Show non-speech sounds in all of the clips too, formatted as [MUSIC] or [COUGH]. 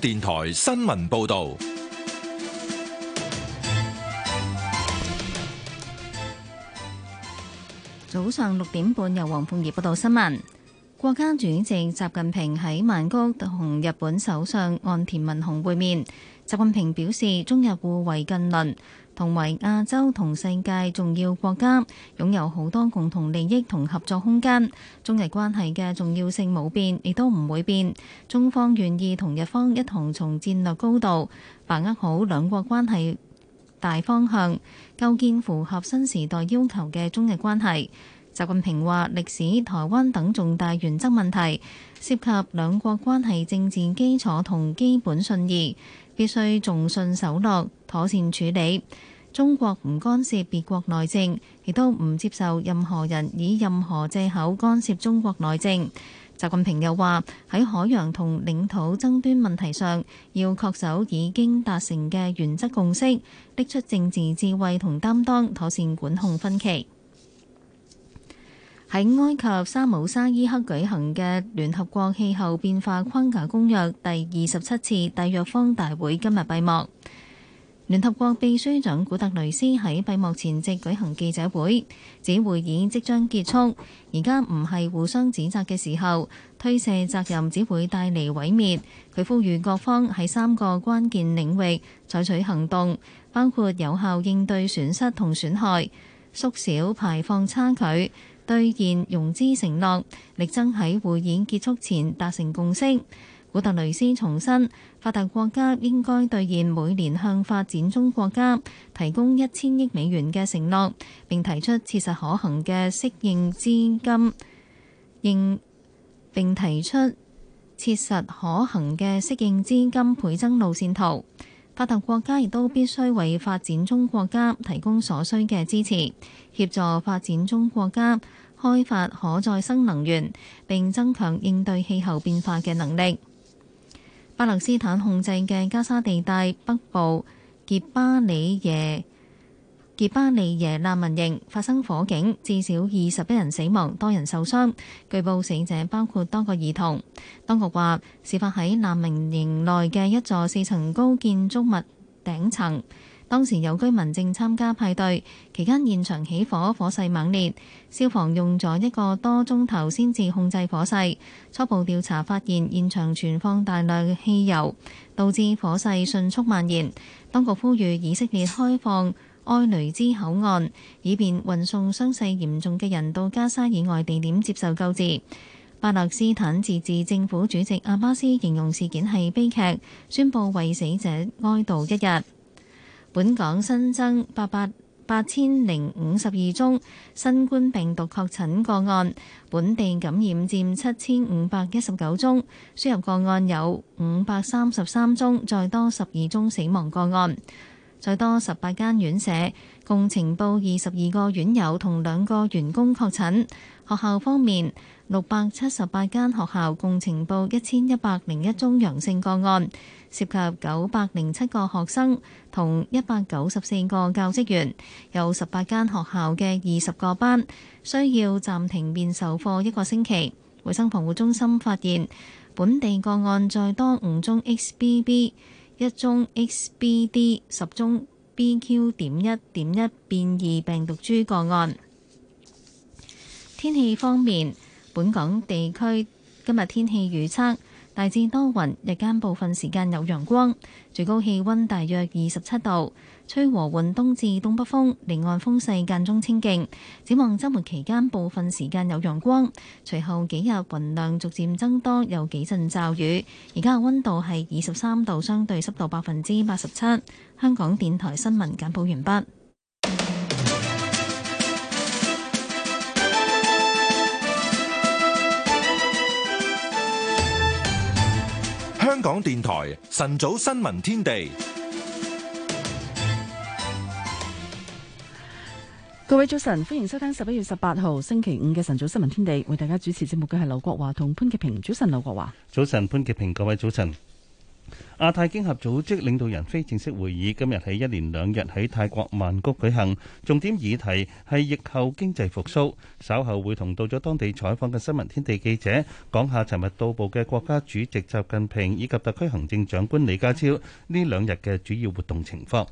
電台新聞報道：早上六點半，由黃鳳儀報道新聞。國家主席習近平喺曼谷同日本首相岸田文雄會面。習近平表示，中日互為近鄰。同為亞洲同世界重要國家，擁有好多共同利益同合作空間，中日關係嘅重要性冇變，亦都唔會變。中方願意同日方一同從戰略高度把握好兩國關係大方向，構建符合新時代要求嘅中日關係。習近平話：歷史、台灣等重大原則問題，涉及兩國關係政治基礎同基本信義，必須重信守諾，妥善處理。中國唔干涉別國內政，亦都唔接受任何人以任何借口干涉中國內政。習近平又話：喺海洋同領土爭端問題上，要確守已經達成嘅原則共識，拎出政治智慧同擔當，妥善管控分歧。喺埃及沙姆沙伊克舉行嘅聯合國氣候變化框架公約第二十七次締約方大會今日閉幕。聯合國秘書長古特雷斯喺閉幕前夕舉行記者會，指會議即將結束。而家唔係互相指責嘅時候，推卸責任只會帶嚟毀滅。佢呼籲各方喺三個關鍵領域採取行動，包括有效應對損失同損害、縮小排放差距、兌現融資承諾，力爭喺會議結束前達成共識。古特雷斯重申，發達國家應該兌現每年向發展中國家提供一千億美元嘅承諾，並提出切實可行嘅適應資金，應並提出切實可行嘅適應資金倍增路線圖，發達國家亦都必須為發展中國家提供所需嘅支持，協助發展中國家開發可再生能源，並增強應對氣候變化嘅能力。巴勒斯坦控制嘅加沙地帶北部杰巴里耶杰巴里耶難民營發生火警，至少二十一人死亡，多人受傷。據報死者包括多個兒童。當局話，事發喺難民營內嘅一座四層高建築物頂層。當時有居民正參加派對，期間現場起火，火勢猛烈。消防用咗一個多鐘頭先至控制火勢。初步調查發現，現場存放大量汽油，導致火勢迅速蔓延。當局呼籲以色列開放埃雷茲口岸，以便運送傷勢嚴重嘅人到加沙以外地點接受救治。巴勒斯坦自治政府，政府主席阿巴斯形容事件係悲劇，宣布為死者哀悼一日。本港新增八百八千零五十二宗新冠病毒確診個案，本地感染佔七千五百一十九宗，輸入個案有五百三十三宗，再多十二宗死亡個案，再多十八間院舍共呈報二十二個院友同兩個員工確診，學校方面。六百七十八間學校共呈報一千一百零一宗陽性個案，涉及九百零七個學生，同一百九十四個教職員。有十八間學校嘅二十個班需要暫停面授課一個星期。衞生防護中心發現本地個案再多五宗 XBB 一宗 XBD 十宗 BQ. 點一點一變異病毒株個案。天氣方面。本港地區今日天氣預測，大致多雲，日間部分時間有陽光，最高氣温大約二十七度，吹和緩東至東北風，離岸風勢間中清勁。展望周末期間部分時間有陽光，隨後幾日雲量逐漸增多，有幾陣驟雨。而家嘅温度係二十三度，相對濕度百分之八十七。香港電台新聞簡報完畢。香港電台晨早新聞天地，各位早晨，歡迎收聽十一月十八號星期五嘅晨早新聞天地，為大家主持節目嘅係劉國華同潘潔平。早晨，劉國華。早晨，潘潔平。各位早晨。亞太經合組織領導人非正式會議今日係一連兩日喺泰國曼谷舉行，重點議題係疫後經濟復甦。稍後會同到咗當地採訪嘅新聞天地記者講下，尋日到埗嘅國家主席習近平以及特區行政長官李家超呢兩日嘅主要活動情況。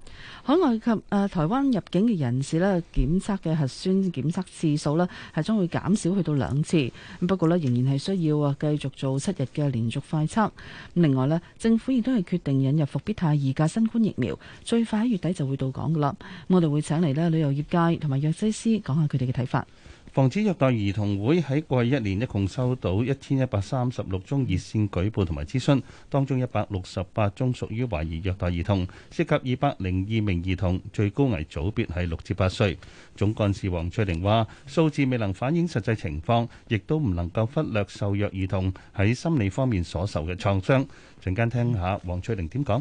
海外及誒台灣入境嘅人士咧，檢測嘅核酸檢測次數咧，係將會減少去到兩次。不過咧，仍然係需要啊，繼續做七日嘅連續快測。咁另外咧，政府亦都係，決定引入伏必泰二價新冠疫苗，最快喺月底就會到港噶啦。我哋會請嚟咧旅遊業界同埋藥劑師講下佢哋嘅睇法。防止虐待兒童會喺過去一年一共收到一千一百三十六宗熱線舉，舉報同埋諮詢，當中一百六十八宗屬於懷疑虐待兒童，涉及二百零二名兒童，最高危組別係六至八歲。總幹事黃翠玲話：數字未能反映實際情況，亦都唔能夠忽略受虐兒童喺心理方面所受嘅創傷。陣間聽下黃翠玲點講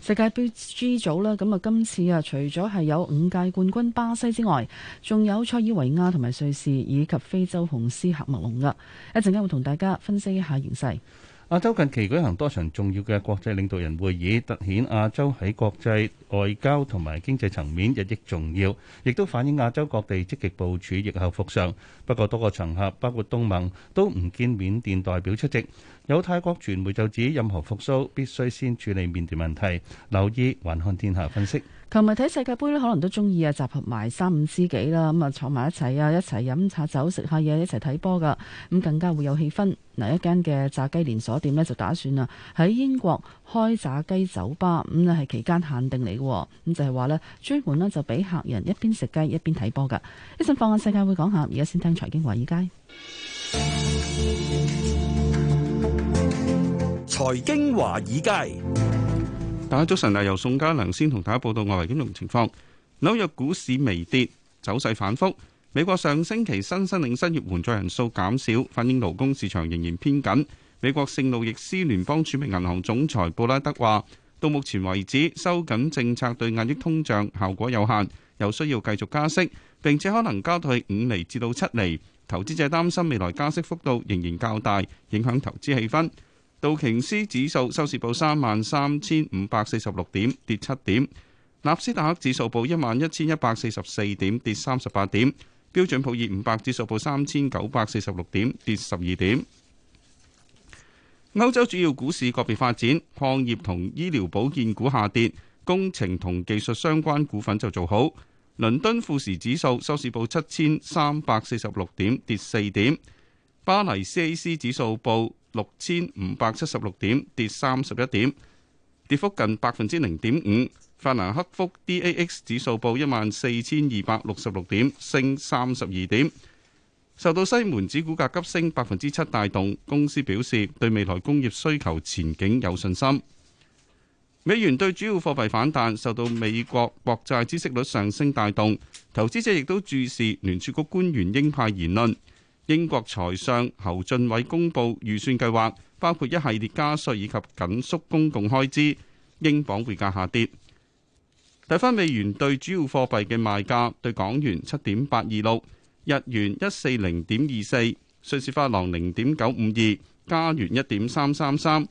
世界盃 G 組啦，咁啊今次啊除咗係有五屆冠軍巴西之外，仲有塞爾維亞同埋瑞士以及非洲雄獅喀麥隆噶。一陣間會同大家分析一下形勢。亞洲近期舉行多場重要嘅國際領導人會議，突顯亞洲喺國際外交同埋經濟層面日益重要，亦都反映亞洲各地積極部署疫後復甦。不過多個場合包括東盟都唔見緬甸代表出席。有泰國傳媒就指，任何復甦必須先處理緬甸問題。留意環看天下分析。琴日睇世界盃咧，可能都中意啊，集合埋三五知己啦，咁啊坐埋一齊啊，一齊飲茶酒、食下嘢，一齊睇波㗎。咁更加會有氣氛。嗱，一間嘅炸雞連鎖店呢，就打算啊喺英國開炸雞酒吧。咁呢係期間限定嚟。咁就係話咧，專門咧就俾客人一邊食雞一邊睇波噶。一陣放眼世界會講下，而家先聽財經華爾街。財經華爾街，大家早晨啊！由宋嘉良先同大家報道外圍金融情況。紐約股市微跌，走勢反覆。美國上星期新申領失業援助人數減少，反映勞工市場仍然偏緊。美國聖路易斯聯邦儲備銀行總裁布拉德話。到目前為止，收緊政策對壓抑通脹效果有限，有需要繼續加息，並且可能加到去五釐至到七釐。投資者擔心未來加息幅度仍然較大，影響投資氣氛。道瓊斯指數收市報三萬三千五百四十六點，跌七點；納斯達克指數報一萬一千一百四十四點，跌三十八點；標準普爾五百指數報三千九百四十六點，跌十二點。歐洲主要股市個別發展，礦業同醫療保健股下跌，工程同技術相關股份就做好。倫敦富時指數收市報七千三百四十六點，跌四點；巴黎 CAC 指數報六千五百七十六點，跌三十一點，跌幅近百分之零點五。法蘭克福 DAX 指數報一萬四千二百六十六點，升三十二點。受到西門子股價急升百分之七帶動，公司表示對未來工業需求前景有信心。美元對主要貨幣反彈，受到美國國債孳息率上升帶動，投資者亦都注視聯儲局官員鷹派言論。英國財相侯俊偉公布預算計劃，包括一系列加稅以及緊縮公共開支，英鎊匯價下跌。睇翻美元對主要貨幣嘅賣價，對港元七點八二六。日元一四零點二四，瑞士法郎零點九五二，加元一點三三三，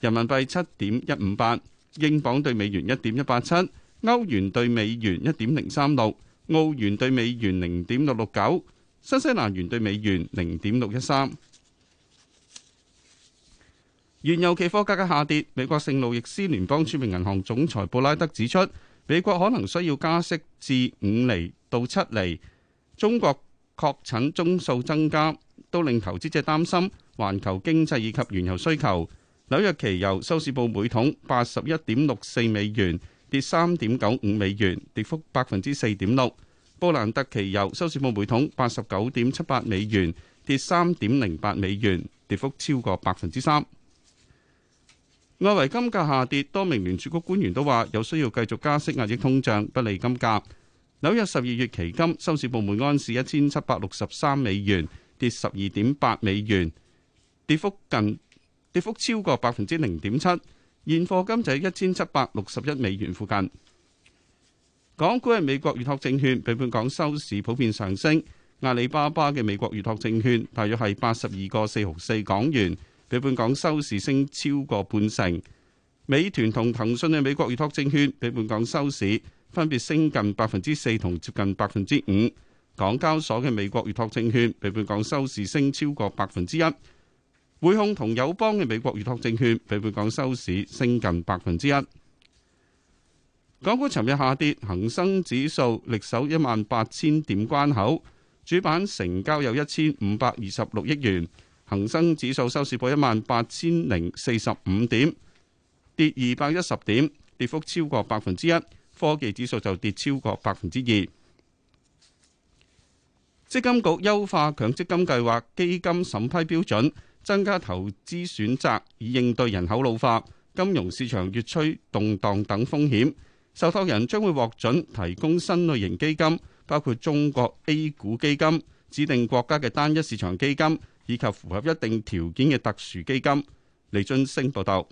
人民幣七點一五八，英鎊兌美元一點一八七，歐元兌美元一點零三六，澳元兌美元零點六六九，新西蘭元兌美元零點六一三。原油期貨價格下跌。美國聖路易斯聯邦儲備銀行總裁布拉德指出，美國可能需要加息至五厘到七厘。中國。確診宗數增加，都令投資者擔心環球經濟以及原油需求。紐約期油收市報每桶八十一點六四美元，跌三點九五美元，跌幅百分之四點六。布蘭特期油收市報每桶八十九點七八美元，跌三點零八美元，跌幅超過百分之三。外圍金價下跌，多名聯儲局官員都話有需要繼續加息，壓抑通脹，不利金價。紐約十二月期金收市報每安市一千七百六十三美元，跌十二點八美元，跌幅近跌幅超過百分之零點七。現貨金就係一千七百六十一美元附近。港股嘅美國預託證券，比本港收市普遍上升。阿里巴巴嘅美國預託證券，大約係八十二個四毫四港元，比本港收市升超過半成。美團同騰訊嘅美國預託證券，比本港收市，分別升近百分之四同接近百分之五。港交所嘅美國預託證券比本港收市升超過百分之一。匯控同友邦嘅美國預託證券比本港收市升近百分之一。港股尋日下跌，恒生指數力守一萬八千點關口，主板成交有一千五百二十六億元。恒生指數收市報一萬八千零四十五點，跌二百一十點，跌幅超過百分之一。科技指數就跌超過百分之二。積金局優化強積金計劃基金審批標準，增加投資選擇，以應對人口老化、金融市場越趨動盪等風險。受託人將會獲准提供新類型基金，包括中國 A 股基金、指定國家嘅單一市場基金，以及符合一定條件嘅特殊基金。李津升報導。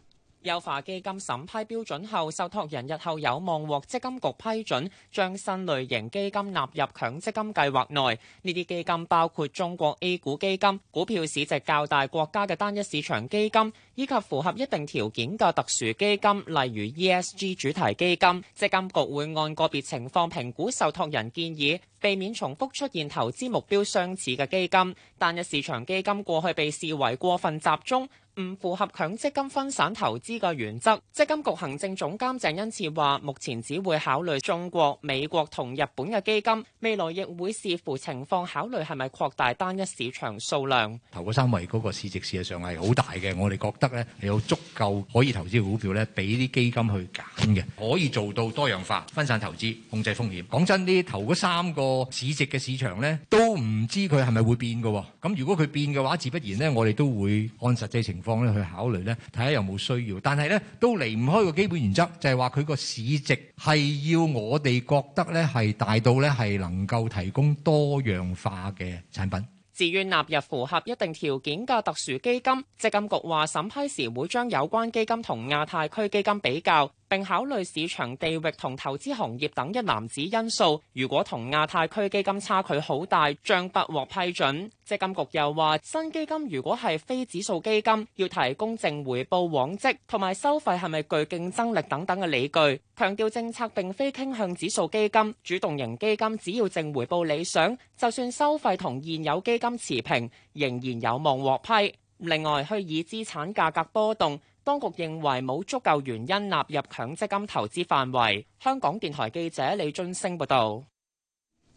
優化基金審批標準後，受託人日後有望獲積金局批准，將新類型基金納入強積金計劃內。呢啲基金包括中國 A 股基金、股票市值較大國家嘅單一市場基金，以及符合一定條件嘅特殊基金，例如 ESG 主題基金。積金局會按個別情況評估受託人建議。避免重複出現投資目標相似嘅基金，單一市場基金過去被視為過分集中，唔符合強積金分散投資嘅原則。積金局行政總監鄭恩賜話：目前只會考慮中國、美國同日本嘅基金，未來亦會視乎情況考慮係咪擴大單一市場數量。投嗰三位嗰個市值事實上係好大嘅，我哋覺得咧係有足夠可以投資嘅股票咧，俾啲基金去揀嘅，可以做到多元化分散投資，控制風險。講真，啲，投嗰三個。個市值嘅市場呢都唔知佢係咪會變嘅。咁如果佢變嘅話，自不然呢，我哋都會按實際情況咧去考慮咧，睇下有冇需要。但係呢都離唔開個基本原則，就係話佢個市值係要我哋覺得呢係大到呢係能夠提供多樣化嘅產品。自願納入符合一定條件嘅特殊基金，積金局話審批時會將有關基金同亞太區基金比較。並考慮市場地域同投資行業等一籃子因素。如果同亞太區基金差距好大，將不獲批准。證監會又話，新基金如果係非指數基金，要提供正回報往績同埋收費係咪具競爭力等等嘅理據。強調政策並非傾向指數基金，主動型基金只要正回報理想，就算收費同現有基金持平，仍然有望獲批。另外，虛擬資產價格波動。當局認為冇足夠原因納入強積金投資範圍。香港電台記者李俊升報道。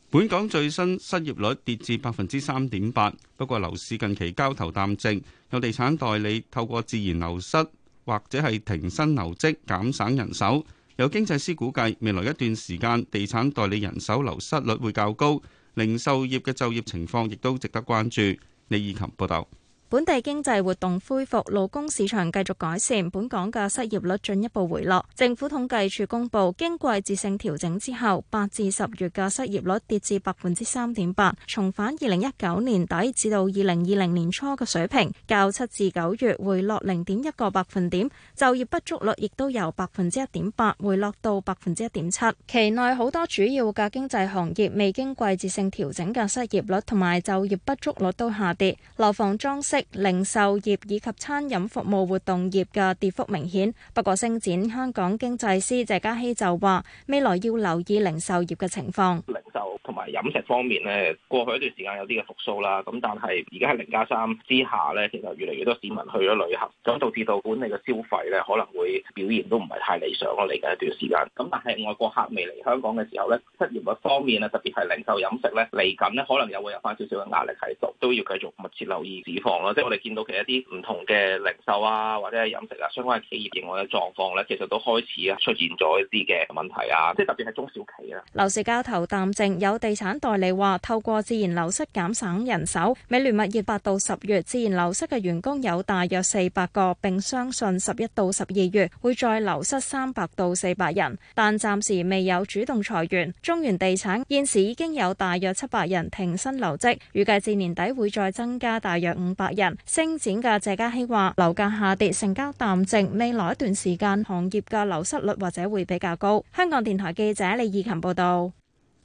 本港最新失業率跌至百分之三點八，不過樓市近期交投淡靜，有地產代理透過自然流失或者係停薪留職減省人手。有經濟師估計未來一段時間地產代理人手流失率會較高，零售業嘅就業情況亦都值得關注。李以琴報道。本地經濟活動恢復，勞工市場繼續改善，本港嘅失業率進一步回落。政府統計處公布，經季節性調整之後，八至十月嘅失業率跌至百分之三點八，重返二零一九年底至到二零二零年初嘅水平，較七至九月回落零點一個百分點。就業不足率亦都由百分之一點八回落到百分之一點七。期內好多主要嘅經濟行業，未經季節性調整嘅失業率同埋就業不足率都下跌，樓房裝飾、零售業以及餐飲服務活動業嘅跌幅明顯。不過星展香港經濟師謝家熙就話，未來要留意零售業嘅情況。零售同埋飲食方面呢，過去一段時間有啲嘅復蘇啦，咁但係而家喺零加三之下呢，其實越嚟越多市民去咗旅行，想導致到管理嘅消費呢，可能會表現都唔係太理想咯。嚟緊一段時間，咁但係外國客未嚟香港嘅時候呢，失業率方面呢，特別係零售飲食呢，嚟緊呢，可能又會有翻少少嘅壓力喺度，都要繼續密切留意市況咯。即係我哋見到其一啲唔同嘅零售啊，或者係飲食啊，相關嘅企業以外嘅狀況咧，其實都開始出現咗一啲嘅問題啊！即係特別係中小企啊。樓市交投淡靜，有地產代理話，透過自然流失減省人手。美聯物業八到十月自然流失嘅員工有大約四百個，並相信十一到十二月會再流失三百到四百人，但暫時未有主動裁員。中原地產現時已經有大約七百人停薪留職，預計至年底會再增加大約五百人。升展嘅謝家希話：樓價下跌，成交淡靜，未來一段時間行業嘅流失率或者會比較高。香港電台記者李義琴報道。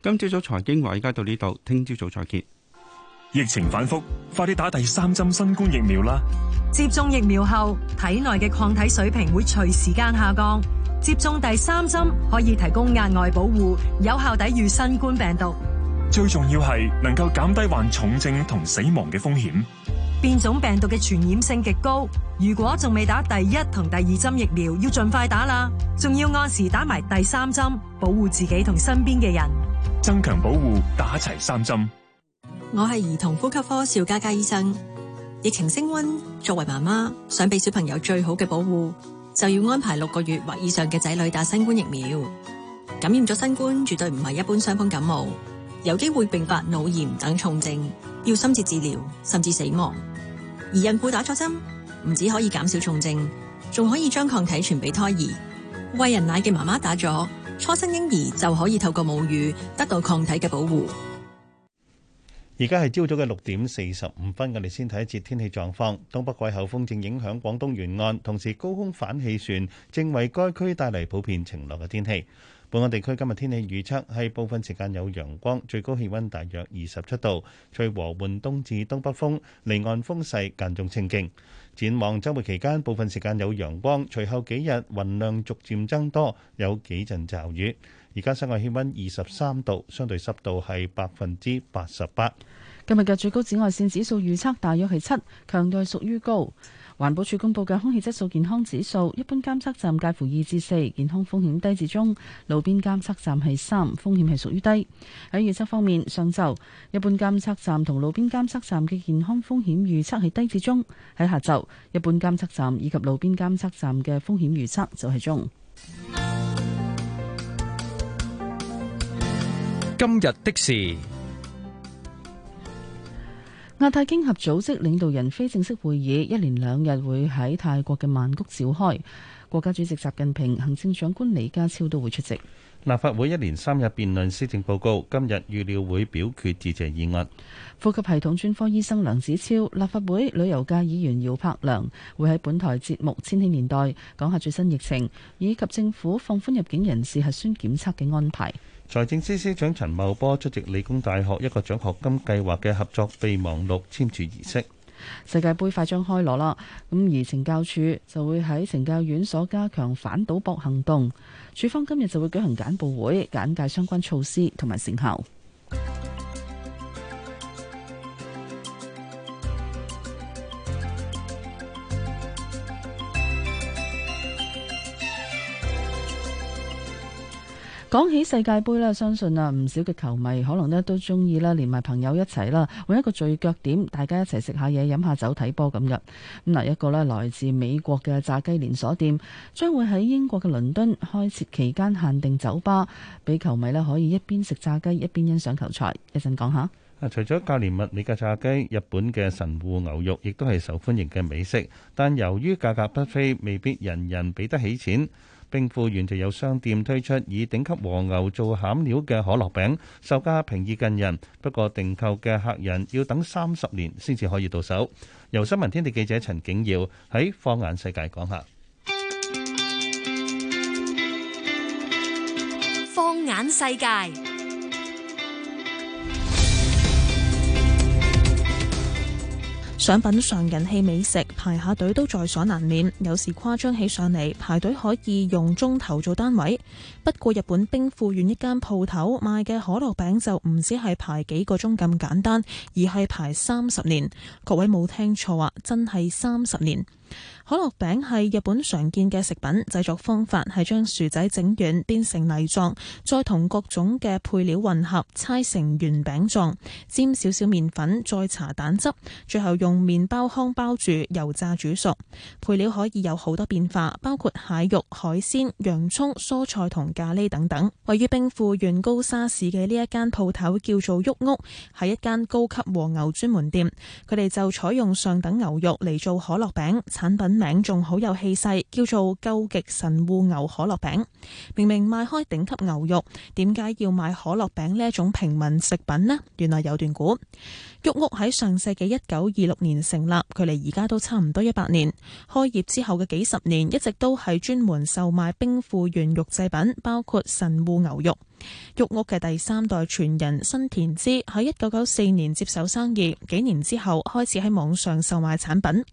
今朝早財經話，依家到呢度，聽朝早再結。疫情反覆，快啲打第三針新冠疫苗啦！接種疫苗後，體內嘅抗體水平會隨時間下降，接種第三針可以提供額外保護，有效抵御新冠病毒。最重要係能夠減低患重症同死亡嘅風險。變種病毒嘅傳染性極高，如果仲未打第一同第二針疫苗，要盡快打啦。仲要按時打埋第三針，保護自己同身邊嘅人，增強保護，打齊三針。我係兒童呼吸科邵家家醫生。疫情升溫，作為媽媽，想俾小朋友最好嘅保護，就要安排六個月或以上嘅仔女打新冠疫苗。感染咗新冠，絕對唔係一般傷風感冒，有機會併發腦炎等重症，要深切治療，甚至死亡。而孕婦打咗針，唔止可以減少重症，仲可以將抗體傳俾胎兒。喂人奶嘅媽媽打咗，初生嬰兒就可以透過母乳得到抗體嘅保護。而家係朝早嘅六點四十五分，我哋先睇一節天氣狀況。東北季候風正影響廣東沿岸，同時高空反氣旋正為該區帶嚟普遍晴朗嘅天氣。本港地區今日天，天氣預測係部分時間有陽光，最高氣温大約二十七度，吹和緩東至東北風，離岸風勢間中清勁。展望周末期間，部分時間有陽光，隨後幾日雲量逐漸增多，有幾陣驟雨。而家室外氣温二十三度，相對濕度係百分之八十八。今日嘅最高紫外線指數預測大約係七，強度屬於高。環保署公布嘅空氣質素健康指數，一般監測站介乎二至四，健康風險低至中；路邊監測站係三，風險係屬於低。喺預測方面，上晝一般監測站同路邊監測站嘅健康風險預測係低至中；喺下晝，一般監測站以及路邊監測站嘅風險預測就係中。今日的事。亞太經合組織領導人非正式會議一連兩日會喺泰國嘅曼谷召開，國家主席習近平、行政長官李家超都會出席。立法會一連三日辯論施政報告，今日預料會表決致謝議案。呼吸系統專科醫生梁子超、立法會旅遊界議員姚柏良會喺本台節目《千禧年代》講下最新疫情以及政府放寬入境人士核酸檢測嘅安排。財政司司長陳茂波出席理工大學一個獎學金計劃嘅合作備忘錄簽署儀式。世界杯快將開鑼啦，咁而懲教處就會喺懲教院所加強反賭博行動，處方今日就會舉行簡報會，簡介相關措施同埋成效。講起世界杯咧，相信啊唔少嘅球迷可能咧都中意啦，連埋朋友一齊啦，搵一個聚腳點，大家一齊食下嘢、飲下酒、睇波咁嘅。咁嗱，一個咧來自美國嘅炸雞連鎖店將會喺英國嘅倫敦開設期間限定酒吧，俾球迷咧可以一邊食炸雞一邊欣賞球賽。一陣講下。除咗價廉物美嘅炸雞，日本嘅神戶牛肉亦都係受歡迎嘅美食，但由於價格不菲，未必人人俾得起錢。並附原地有商店推出以頂級和牛做餡料嘅可樂餅，售價平易近人。不過訂購嘅客人要等三十年先至可以到手。由新聞天地記者陳景耀喺放眼世界講下。放眼世界。想品嚐人氣美食，排下隊都在所難免，有時誇張起上嚟，排隊可以用鐘頭做單位。不過日本兵庫縣一間鋪頭賣嘅可樂餅就唔止係排幾個鐘咁簡單，而係排三十年。各位冇聽錯啊，真係三十年。可樂餅係日本常見嘅食品，製作方法係將薯仔整軟變成泥狀，再同各種嘅配料混合，搓成圓餅狀，沾少少麵粉，再搽蛋汁，最後用麵包糠包住油炸煮熟。配料可以有好多變化，包括蟹肉、海鮮、洋葱、蔬菜同咖喱等等。位於兵庫縣高砂市嘅呢一間鋪頭叫做旭屋，係一間高級和牛專門店，佢哋就採用上等牛肉嚟做可樂餅產品。名仲好有氣勢，叫做究極神戶牛可樂餅。明明賣開頂級牛肉，點解要賣可樂餅呢？一種平民食品呢？原來有段故。玉屋喺上世紀一九二六年成立，距離而家都差唔多一百年。開業之後嘅幾十年，一直都係專門售賣兵庫原肉製品，包括神戶牛肉。玉屋嘅第三代傳人新田芝喺一九九四年接手生意，幾年之後開始喺網上售賣產品。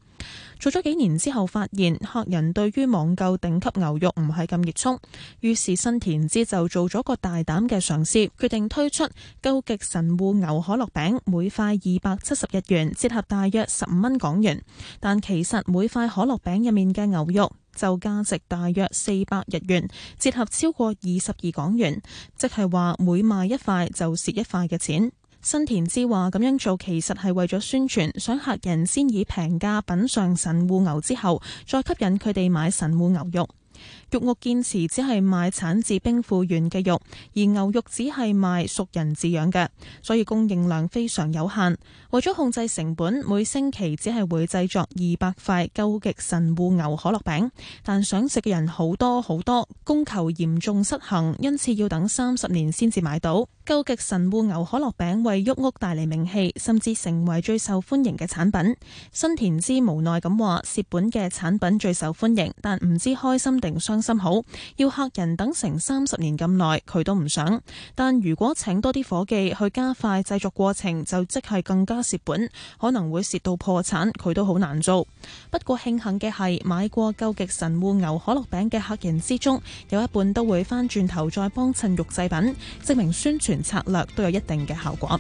做咗幾年之後，發現客人對於網購頂級牛肉唔係咁熱衷，於是新田知就做咗個大膽嘅嘗試，決定推出究極神戶牛可樂餅，每塊二百七十日元，折合大約十五蚊港元。但其實每塊可樂餅入面嘅牛肉就價值大約四百日元，折合超過二十二港元，即係話每賣一塊就蝕一塊嘅錢。新田之話：咁樣做其實係為咗宣傳，想客人先以平價品嚐神戶牛之後，再吸引佢哋買神戶牛肉。肉屋堅持只係賣產自兵庫縣嘅肉，而牛肉只係賣熟人飼養嘅，所以供應量非常有限。為咗控制成本，每星期只係會製作二百塊究極神戶牛可樂餅，但想食嘅人好多好多，供求嚴重失衡，因此要等三十年先至買到。究極神戶牛可樂餅為旭屋帶嚟名氣，甚至成為最受歡迎嘅產品。新田之無奈咁話：蝕本嘅產品最受歡迎，但唔知開心定傷心好。要客人等成三十年咁耐，佢都唔想。但如果請多啲伙計去加快製作過程，就即係更加蝕本，可能會蝕到破產，佢都好難做。不過慶幸嘅係，買過究極神戶牛可樂餅嘅客人之中，有一半都會翻轉頭再幫襯肉製品，證明宣傳。策略都有一定嘅效果。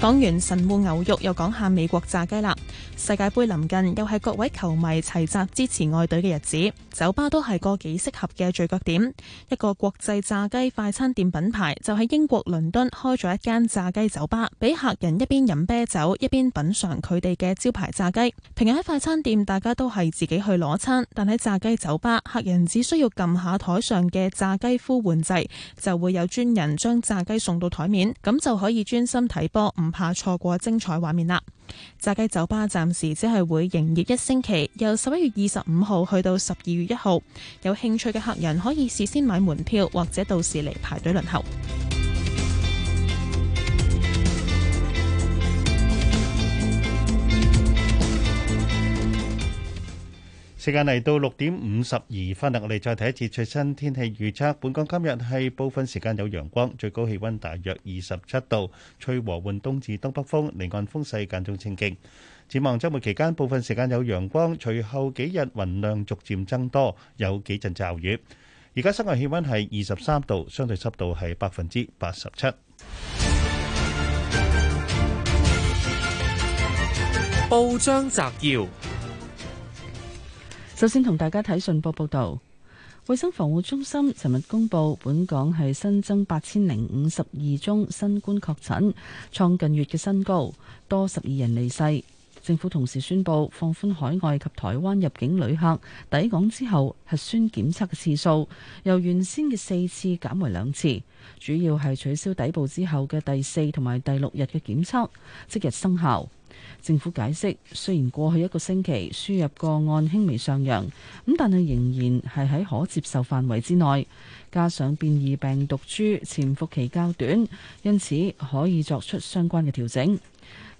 講完神戶牛肉，又講下美國炸雞啦！世界盃臨近，又係各位球迷齊集支持外隊嘅日子，酒吧都係個幾適合嘅聚腳點。一個國際炸雞快餐店品牌就喺英國倫敦開咗一間炸雞酒吧，俾客人一邊飲啤酒一邊品嚐佢哋嘅招牌炸雞。平日喺快餐店，大家都係自己去攞餐，但喺炸雞酒吧，客人只需要撳下台上嘅炸雞呼喚掣，就會有專人將炸雞送到台面，咁就可以專心睇波唔～怕錯過精彩畫面啦！炸雞酒吧暫時只係會營業一星期，由十一月二十五號去到十二月一號。有興趣嘅客人可以事先買門票，或者到時嚟排隊輪候。時間嚟到六點五十二分，我哋再睇一次最新天氣預測。本港今日係部分時間有陽光，最高氣溫大約二十七度，吹和緩東至東北風，離岸風勢間中清勁。展望周末期間，部分時間有陽光，隨後幾日雲量逐漸增多，有幾陣驟雨。而家室外氣溫係二十三度，相對濕度係百分之八十七。報章摘要。首先同大家睇信報報導，衞生防護中心尋日公布，本港係新增八千零五十二宗新冠確診，創近月嘅新高，多十二人離世。政府同時宣布放寬海外及台灣入境旅客抵港之後核酸檢測嘅次數，由原先嘅四次減為兩次，主要係取消抵埗之後嘅第四同埋第六日嘅檢測，即日生效。政府解釋，雖然過去一個星期輸入個案輕微上揚，咁但係仍然係喺可接受範圍之內，加上變異病毒株潛伏期較短，因此可以作出相關嘅調整。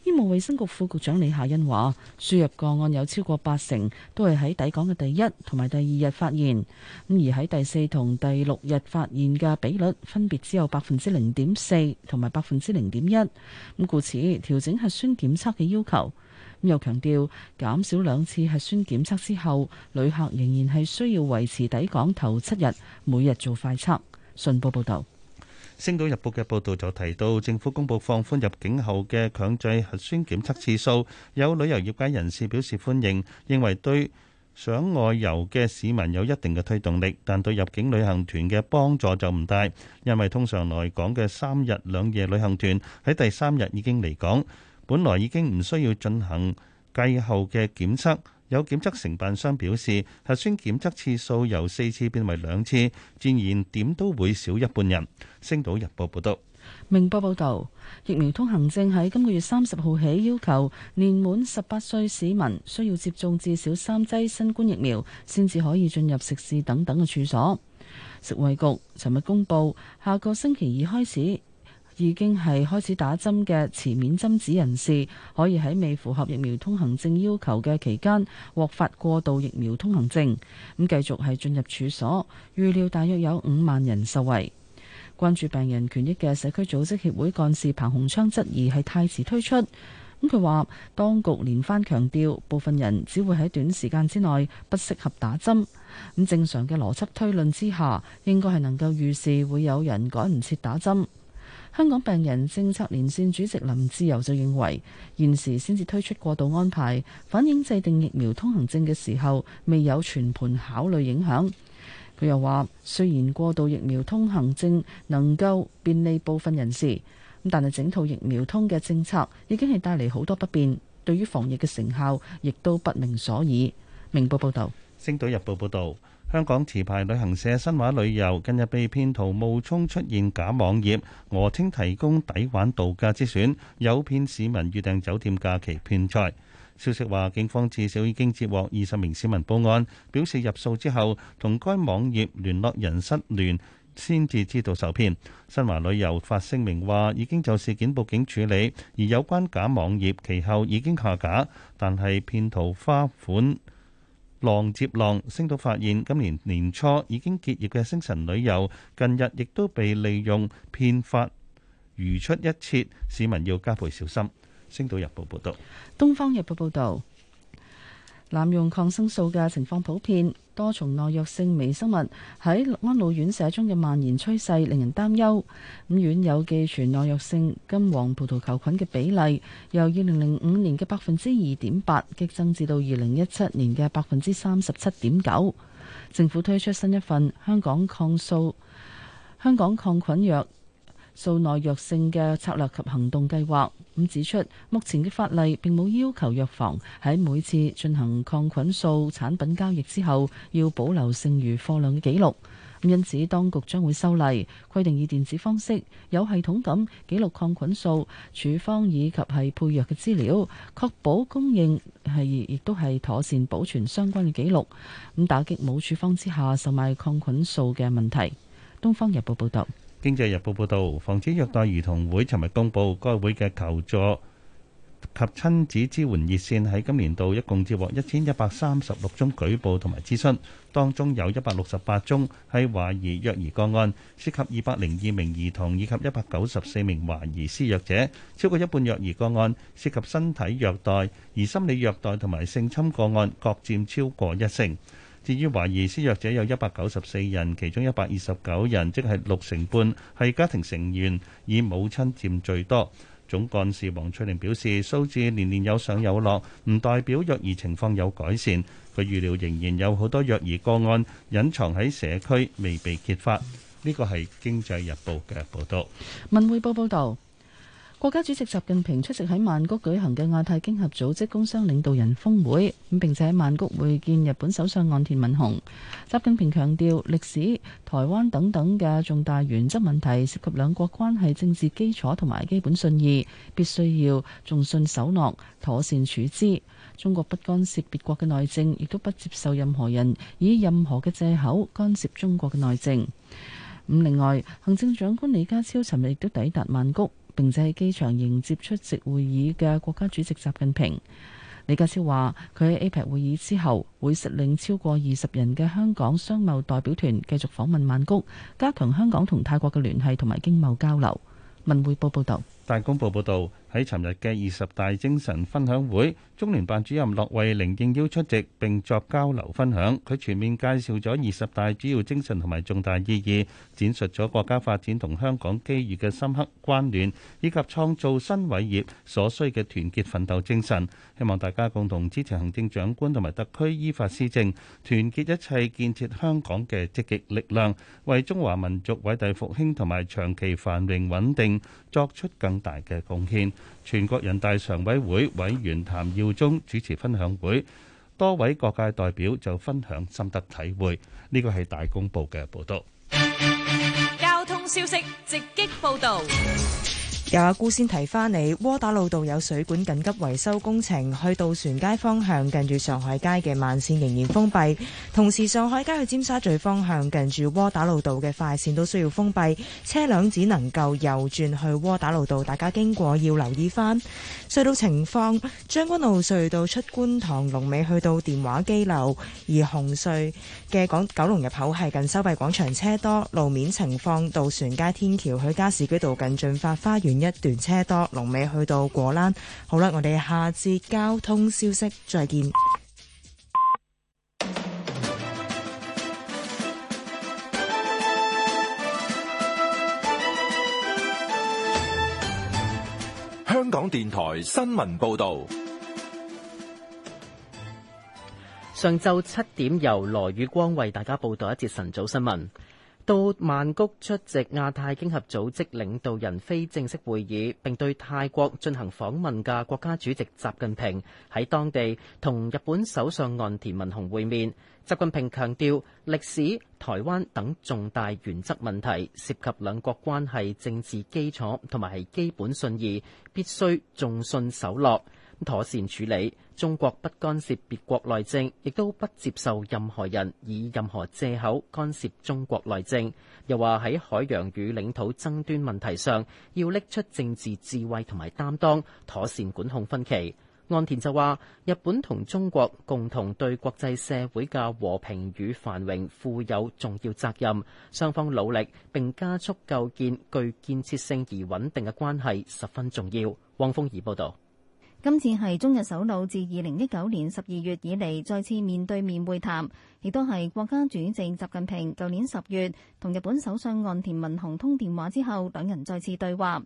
醫務衛生局副局長李夏欣話：輸入個案有超過八成都係喺抵港嘅第一同埋第二日發現，咁而喺第四同第六日發現嘅比率分別只有百分之零點四同埋百分之零點一，咁故此調整核酸檢測嘅要求，又強調減少兩次核酸檢測之後，旅客仍然係需要維持抵港頭七日每日做快測。信報報道。《星島日報》嘅報導就提到，政府公布放寬入境後嘅強制核酸檢測次數，有旅遊業界人士表示歡迎，認為對想外遊嘅市民有一定嘅推動力，但對入境旅行團嘅幫助就唔大，因為通常來港嘅三日兩夜旅行團喺第三日已經離港，本來已經唔需要進行計後嘅檢測。有檢測承辦商表示，核酸檢測次數由四次變為兩次，自然點都會少一半人。星島日報報道。明報報道，疫苗通行證喺今個月三十號起要求年滿十八歲市民需要接種至少三劑新冠疫苗，先至可以進入食肆等等嘅處所。食衞局尋日公布，下個星期二開始。已經係開始打針嘅持免針紙人士，可以喺未符合疫苗通行證要求嘅期間獲發過渡疫苗通行證，咁繼續係進入處所。預料大約有五萬人受惠。關注病人權益嘅社區組織協會幹事彭鴻昌質疑係太遲推出。咁佢話，當局連番強調，部分人只會喺短時間之內不適合打針。咁正常嘅邏輯推論之下，應該係能夠預示會有人趕唔切打針。香港病人政策連線主席林志由就認為，現時先至推出過渡安排，反映制定疫苗通行證嘅時候未有全盤考慮影響，佢又話，雖然過渡疫苗通行證能夠便利部分人士，但係整套疫苗通嘅政策已經係帶嚟好多不便，對於防疫嘅成效亦都不明所以。明報報道，星島日報報道。香港持牌旅行社新華旅遊近日被騙徒冒充，出現假網頁，訛稱提供抵玩度假之選，誘騙市民預訂酒店假期騙財。消息話，警方至少已經接獲二十名市民報案，表示入數之後同該網頁聯絡人失聯，先至知道受騙。新華旅遊發聲明話，已經就事件報警處理，而有關假網頁其後已經下架，但係騙徒花款。浪接浪，升到發現今年年初已經結業嘅星晨旅遊，近日亦都被利用騙法如出一竅，市民要加倍小心。升島日報報道，東方日報報道，濫用抗生素嘅情況普遍。多重耐藥性微生物喺安老院舍中嘅蔓延趨勢令人擔憂。咁院有寄存耐藥性金黃葡萄球菌嘅比例由二零零五年嘅百分之二點八激增至到二零一七年嘅百分之三十七點九。政府推出新一份香港抗素，香港抗菌藥素耐藥性嘅策略及行動計劃，咁指出，目前嘅法例並冇要求藥房喺每次進行抗菌素產品交易之後，要保留剩餘貨量嘅記錄，咁因此，當局將會修例，規定以電子方式有系統咁記錄抗菌素處方以及係配藥嘅資料，確保供應係亦都係妥善保存相關嘅記錄，咁打擊冇處方之下售賣抗菌素嘅問題，東方日報報道。經濟日報報導，防止虐待兒童會尋日公佈，該會嘅求助及親子支援熱線喺今年度一共接獲一千一百三十六宗舉報同埋諮詢，當中有一百六十八宗係懷疑虐兒個案，涉及二百零二名兒童以及一百九十四名懷疑施虐者，超過一半虐兒個案涉及身體虐待，而心理虐待同埋性侵個案各佔超過一成。至於懷疑施虐者有194人，其中129人，即係六成半，係家庭成員，以母親佔最多。總幹事黃翠玲表示，數字年年有上有落，唔代表虐兒情況有改善。佢預料仍然有好多虐兒個案隱藏喺社區未被揭發。呢個係《經濟日報》嘅報導，《文匯報》報導。國家主席習近平出席喺曼谷舉行嘅亞太經合組織工商領導人峰會，咁並且喺曼谷會見日本首相岸田文雄。習近平強調，歷史、台灣等等嘅重大原則問題涉及兩國關係政治基礎同埋基本信義，必須要重信守諾，妥善處置。中國不干涉別國嘅內政，亦都不接受任何人以任何嘅藉口干涉中國嘅內政。咁另外，行政長官李家超尋日亦都抵達曼谷。並在機場迎接出席會議嘅國家主席習近平。李家超話：佢喺 APEC 會議之後，會率領超過二十人嘅香港商貿代表團繼續訪問曼谷，加強香港同泰國嘅聯繫同埋經貿交流。文匯報報道。大公報報道。大公報報導。喺尋日嘅二十大精神分享會，中聯辦主任駱惠寧應邀出席並作交流分享。佢全面介紹咗二十大主要精神同埋重大意義，展述咗國家發展同香港機遇嘅深刻關聯，以及創造新偉業所需嘅團結奮鬥精神。希望大家共同支持行政長官同埋特區依法施政，團結一切建設香港嘅積極力量，為中華民族偉大復興同埋長期繁榮穩定作出更大嘅貢獻。全國人大常委會委員譚耀宗主持分享會，多位各界代表就分享心得體會。呢個係大公報嘅報道。交通消息直擊報道。有阿姑先提翻你，窩打路道有水管緊急維修工程，去渡船街方向近住上海街嘅慢線仍然封閉。同時，上海街去尖沙咀方向近住窩打路道嘅快線都需要封閉，車輛只能夠右轉去窩打路道。大家經過要留意翻隧道情況。將軍澳隧道出觀塘龍尾去到電話機樓，而紅隧嘅港九龍入口係近收費廣場車多，路面情況，渡船街天橋去加士居道近進發花園一段車多，龍尾去到果欄。好啦，我哋下節交通消息，再見。香港電台新聞報導。上晝七點，由羅宇光為大家報道一節晨早新聞。到曼谷出席亞太經合組織領導人非正式會議並對泰國進行訪問嘅國家主席習近平，喺當地同日本首相岸田文雄會面。習近平強調，歷史、台灣等重大原則問題涉及兩國關係政治基礎同埋基本信義，必須重信守諾。妥善處理中國不干涉別國內政，亦都不接受任何人以任何借口干涉中國內政。又話喺海洋與領土爭端問題上，要拎出政治智慧同埋擔當，妥善管控分歧。岸田就話，日本同中國共同對國際社會嘅和平與繁榮負有重要責任，雙方努力並加速構建具建設性而穩定嘅關係十分重要。汪豐儀報導。今次係中日首腦自二零一九年十二月以嚟再次面對面會談，亦都係國家主席習近平舊年十月同日本首相岸田文雄通電話之後，兩人再次對話。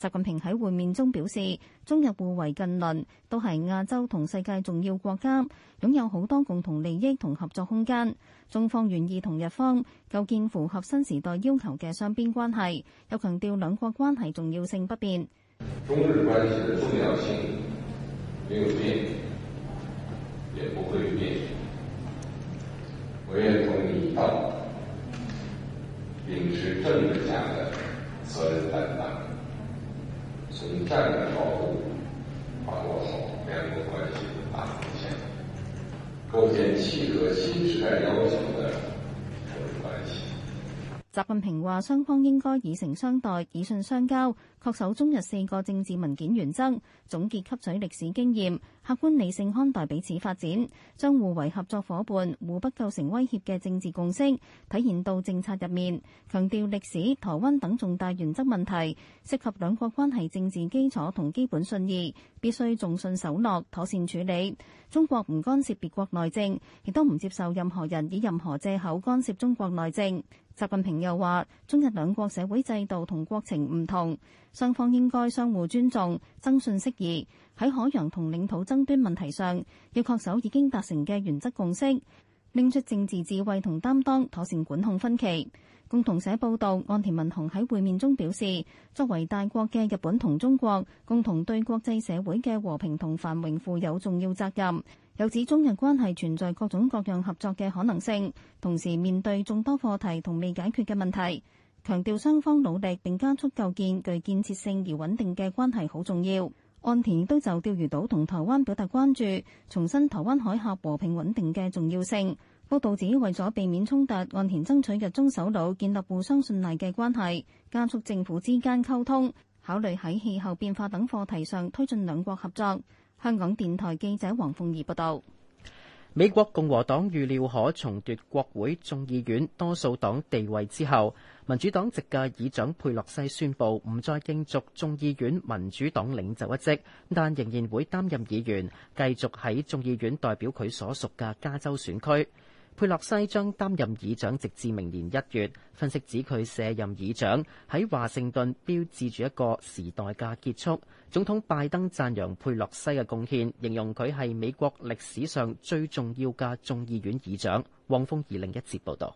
習近平喺會面中表示，中日互為近鄰，都係亞洲同世界重要國家，擁有好多共同利益同合作空間。中方願意同日方構建符合新時代要求嘅雙邊關係，又強調兩國關係重要性不變。中日關係的重要性沒有變，也不會變。我願同你一道，秉持政治家的責任擔當，從戰略高度把握好兩國關係的大方向，構建契合新時代要求的中日關係。習近平話：雙方應該以誠相待，以信相交。恪守中日四個政治文件原則，總結吸取歷史經驗，客觀理性看待彼此發展，將互為合作伙伴、互不構成威脅嘅政治共識體現到政策入面。強調歷史、台灣等重大原則問題涉及兩國關係政治基礎同基本信義，必須重信守諾，妥善處理。中國唔干涉別國內政，亦都唔接受任何人以任何藉口干涉中國內政。習近平又話：中日兩國社會制度同國情唔同。雙方應該相互尊重、增信釋疑。喺海洋同領土爭端問題上，要確守已經達成嘅原則共識，拎出政治智慧同擔當，妥善管控分歧。共同社報導，岸田文雄喺會面中表示，作為大國嘅日本同中國，共同對國際社會嘅和平同繁榮負有重要責任。又指中日關係存在各種各樣合作嘅可能性，同時面對眾多課題同未解決嘅問題。強調雙方努力並加速構建具建設性而穩定嘅關係好重要。岸田都就釣魚島同台灣表達關注，重申台灣海峽和平穩定嘅重要性。報道指為咗避免衝突，岸田爭取日中首腦建立互相信賴嘅關係，加速政府之間溝通，考慮喺氣候變化等課題上推進兩國合作。香港電台記者黃鳳儀報道。美國共和黨預料可重奪國會眾議院多數黨地位之後，民主黨籍嘅議長佩洛西宣佈唔再競逐眾議院民主黨領袖一職，但仍然會擔任議員，繼續喺眾議院代表佢所屬嘅加州選區。佩洛西將擔任議長直至明年一月。分析指佢卸任議長喺華盛頓標誌住一個時代嘅結束。總統拜登讚揚佩洛西嘅貢獻，形容佢係美國歷史上最重要嘅眾議院議長。王峰二零一七報道。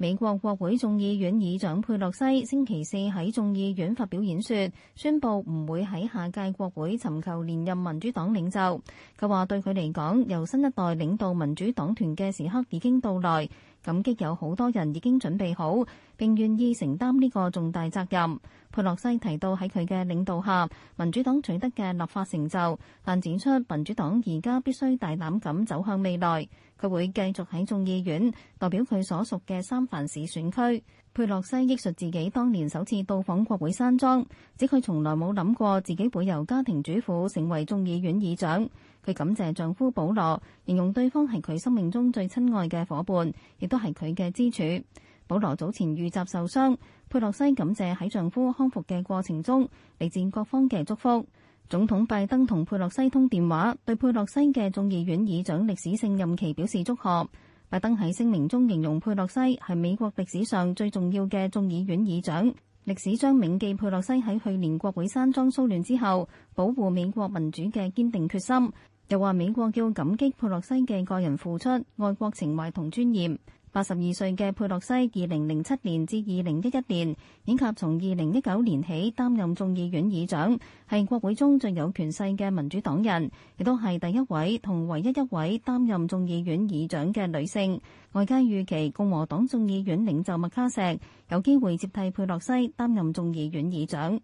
美國國會眾議院議長佩洛西星期四喺眾議院發表演說，宣布唔會喺下屆國會尋求連任民主黨領袖。佢話：對佢嚟講，由新一代領導民主黨團嘅時刻已經到來。感激有好多人已經準備好並願意承擔呢個重大責任。佩洛西提到喺佢嘅領導下，民主黨取得嘅立法成就，但指出民主黨而家必須大膽咁走向未來，佢會繼續喺眾議院代表佢所屬嘅三藩市選區。佩洛西憶述自己當年首次到訪國會山莊，指佢從來冇諗過自己會由家庭主婦成為眾議院議長。佢感謝丈夫保羅，形容對方係佢生命中最親愛嘅伙伴，亦都係佢嘅支柱。保羅早前遇襲受傷，佩洛西感謝喺丈夫康復嘅過程中，嚟自各方嘅祝福。總統拜登同佩洛西通電話，對佩洛西嘅眾議院議長歷史性任期表示祝賀。拜登喺聲明中形容佩洛西係美國歷史上最重要嘅眾議院議長，歷史將銘記佩洛西喺去年國會山莊騷亂之後，保護美國民主嘅堅定決心。又話美國要感激佩洛西嘅個人付出、愛國情懷同專業。八十二歲嘅佩洛西，二零零七年至二零一一年，以及從二零一九年起擔任眾議院議長，係國會中最有權勢嘅民主黨人，亦都係第一位同唯一一位擔任眾議院議長嘅女性。外界預期共和黨眾議院領袖麥卡錫有機會接替佩洛西擔任眾議院議長。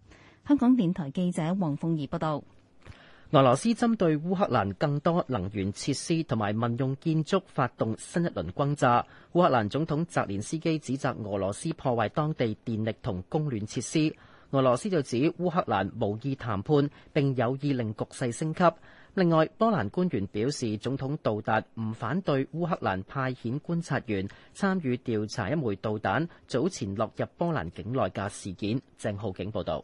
香港電台記者黃鳳儀報道。俄羅斯針對烏克蘭更多能源設施同埋民用建築發動新一輪轟炸。烏克蘭總統澤連斯基指責俄羅斯破壞當地電力同供暖設施。俄羅斯就指烏克蘭無意談判，並有意令局勢升級。另外，波蘭官員表示，總統杜達唔反對烏克蘭派遣觀察員參與調查一枚導彈早前落入波蘭境內嘅事件。鄭浩景報導。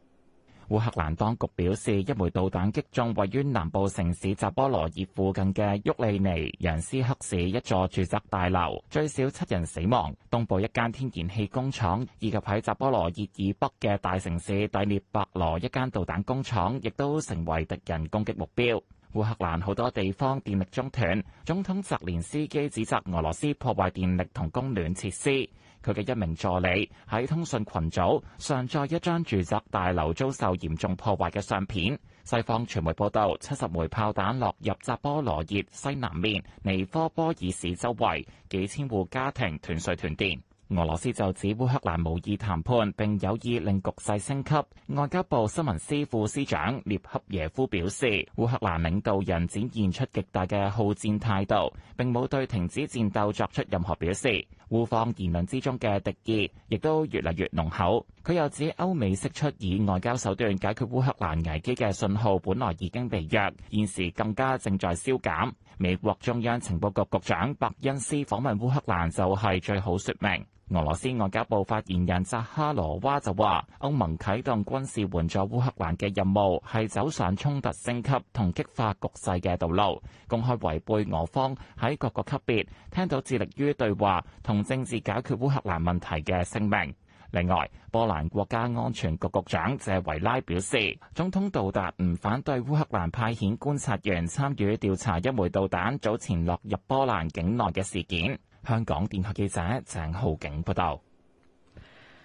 烏克蘭當局表示，一枚導彈擊中位於南部城市扎波羅熱附近嘅沃利尼揚斯克市一座住宅大樓，最少七人死亡。東部一間天然氣工廠以及喺扎波羅熱以，以北嘅大城市第聶伯羅一間導彈工廠亦都成為敵人攻擊目標。烏克蘭好多地方電力中斷，總統澤連斯基指責俄羅斯破壞電力同供暖設施。佢嘅一名助理喺通訊群組上載一張住宅大樓遭受嚴重破壞嘅相片。西方傳媒報道，七十枚炮彈落入扎波羅熱西南面尼科波爾市周圍，幾千戶家庭斷水斷電。俄羅斯就指烏克蘭無意談判，並有意令局勢升級。外交部新聞司副司長列克耶夫表示，烏克蘭領導人展現出極大嘅好戰態度，並冇對停止戰鬥作出任何表示。互放言論之中嘅敵意，亦都越嚟越濃厚。佢又指歐美釋出以外交手段解決烏克蘭危機嘅信號，本來已經被弱，現時更加正在消減。美國中央情報局局長伯恩斯訪問烏克蘭就係最好說明。俄羅斯外交部發言人扎哈羅娃就話：歐盟啟動軍事援助烏克蘭嘅任務係走上衝突升級同激化局勢嘅道路，公開違背俄方喺各個級別聽到致力於對話同政治解決烏克蘭問題嘅聲明。另外，波蘭國家安全局局長謝維拉表示，總統杜達唔反對烏克蘭派遣觀察員參與調查一枚導彈早前落入波蘭境內嘅事件。香港電台記者鄭浩景報道。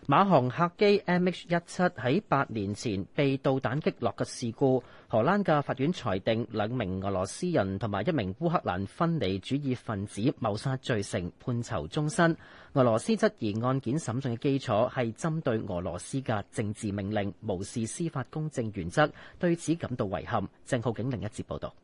馬航客機 MH 一七喺八年前被導彈擊落嘅事故，荷蘭嘅法院裁定兩名俄羅斯人同埋一名烏克蘭分離主義分子謀殺罪成，判囚終身。俄羅斯質疑案件審訊嘅基礎係針對俄羅斯嘅政治命令，無視司法公正原則，對此感到遺憾。鄭浩景另一節報道。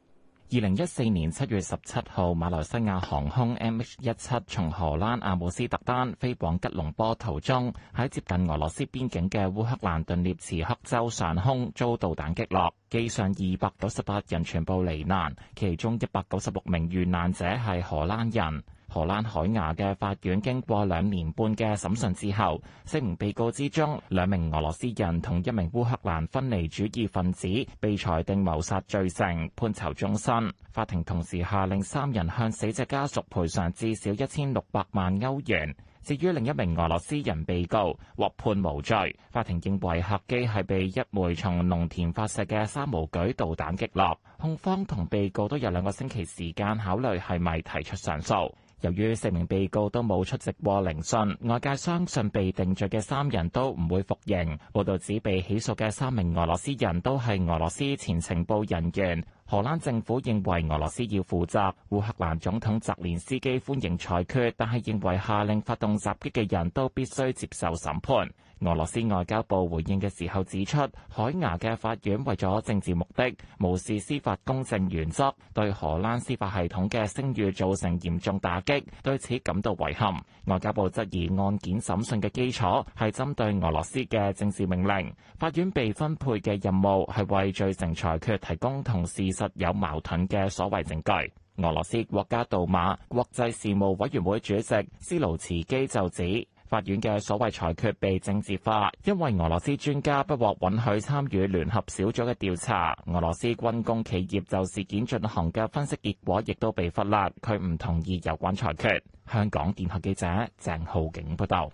二零一四年七月十七號，馬來西亞航空 MH 一七從荷蘭阿姆斯特丹飛往吉隆坡途中，喺接近俄羅斯邊境嘅烏克蘭頓涅茨克州上空遭導彈擊落，機上二百九十八人全部罹難，其中一百九十六名遇難者係荷蘭人。荷蘭海牙嘅法院經過兩年半嘅審訊之後，四名被告之中，兩名俄羅斯人同一名烏克蘭分離主義分子被裁定謀殺罪成，判囚終身。法庭同時下令三人向死者家屬賠償至少一千六百萬歐元。至於另一名俄羅斯人被告獲判無罪。法庭認為客機係被一枚從農田發射嘅山毛櫸導彈擊落。控方同被告都有兩個星期時間考慮係咪提出上訴。由於四名被告都冇出席過聆訊，外界相信被定罪嘅三人都唔會服刑。報道指被起訴嘅三名俄羅斯人都係俄羅斯前情報人員。荷蘭政府認為俄羅斯要負責。烏克蘭總統澤連斯基歡迎裁決，但係認為下令發動襲擊嘅人都必須接受審判。俄羅斯外交部回應嘅時候指出，海牙嘅法院為咗政治目的，無視司法公正原則，對荷蘭司法系統嘅聲譽造成嚴重打擊，對此感到遺憾。外交部質疑案件審訊嘅基礎係針對俄羅斯嘅政治命令，法院被分配嘅任務係為罪成裁決提供同事實有矛盾嘅所謂證據。俄羅斯國家杜馬國際事務委員會主席斯盧茨基就指，法院嘅所謂裁決被政治化，因為俄羅斯專家不獲允許參與聯合小組嘅調查，俄羅斯軍工企業就事件進行嘅分析結果亦都被忽略。佢唔同意有關裁決，香港電台記者鄭浩景報道。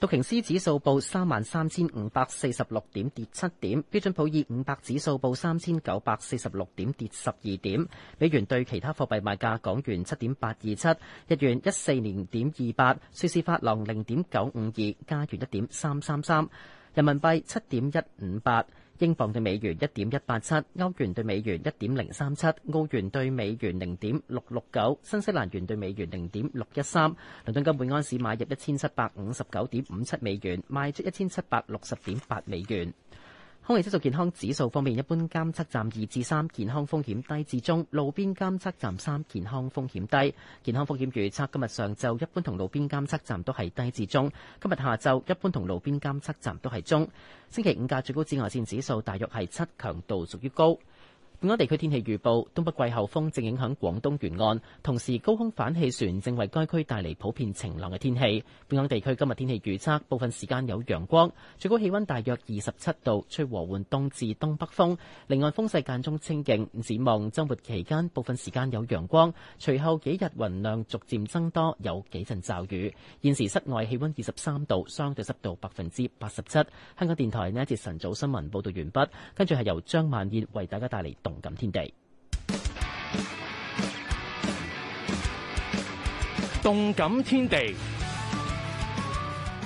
道瓊斯指數報三萬三千五百四十六點，跌七點；標準普爾五百指數報三千九百四十六點，跌十二點。美元對其他貨幣賣價：港元七點八二七，日元一四零點二八，瑞士法郎零點九五二，加元一點三三三，人民幣七點一五八。英鎊對美元一點一八七，歐元對美元一點零三七，澳元對美元零點六六九，新西蘭元對美元零點六一三。倫敦金每安士買入一千七百五十九點五七美元，賣出一千七百六十點八美元。空氣質素健康指數方面，一般監測站二至三，健康風險低至中；路邊監測站三，健康風險低。健康風險預測今日上晝一般同路邊監測站都係低至中，今日下晝一般同路邊監測站都係中。星期五嘅最高紫外線指數大約係七，強度屬於高。本港地區天氣預報東北季候風正影響廣東沿岸，同時高空反氣旋正為該區帶嚟普遍晴朗嘅天氣。本港地區今日天氣預測部分時間有陽光，最高氣温大約二十七度，吹和緩東至東北風，離岸風勢間中清勁，展望周末期間部分時間有陽光，隨後幾日雲量逐漸增多，有幾陣驟雨。現時室外氣温二十三度，相對濕度百分之八十七。香港電台呢一節晨早新聞報道完畢，跟住係由張曼燕為大家帶嚟。動感天地，動感天地。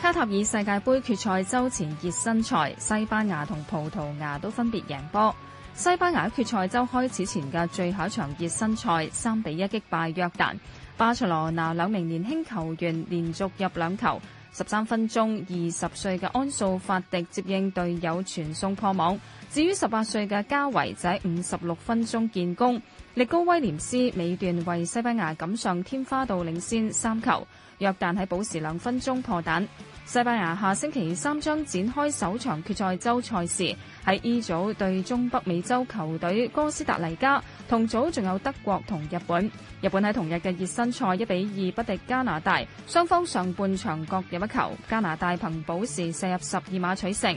卡塔爾世界盃決賽周前熱身賽，西班牙同葡萄牙都分別贏波。西班牙決賽周開始前嘅最後一場熱身賽，三比一擊敗約旦。巴塞羅那兩名年輕球員連續入兩球，十三分鐘，二十歲嘅安素法迪接應隊友傳送破網。至於十八歲嘅加維仔，五十六分鐘建功。力高威廉斯尾段為西班牙錦上添花，到領先三球。約旦喺補時兩分鐘破蛋。西班牙下星期三將展開首場決賽周賽事，喺 E 組對中北美洲球隊哥斯達黎加，同組仲有德國同日本。日本喺同日嘅熱身賽一比二不敵加拿大，雙方上半場各入一球，加拿大憑補時射入十二碼取勝。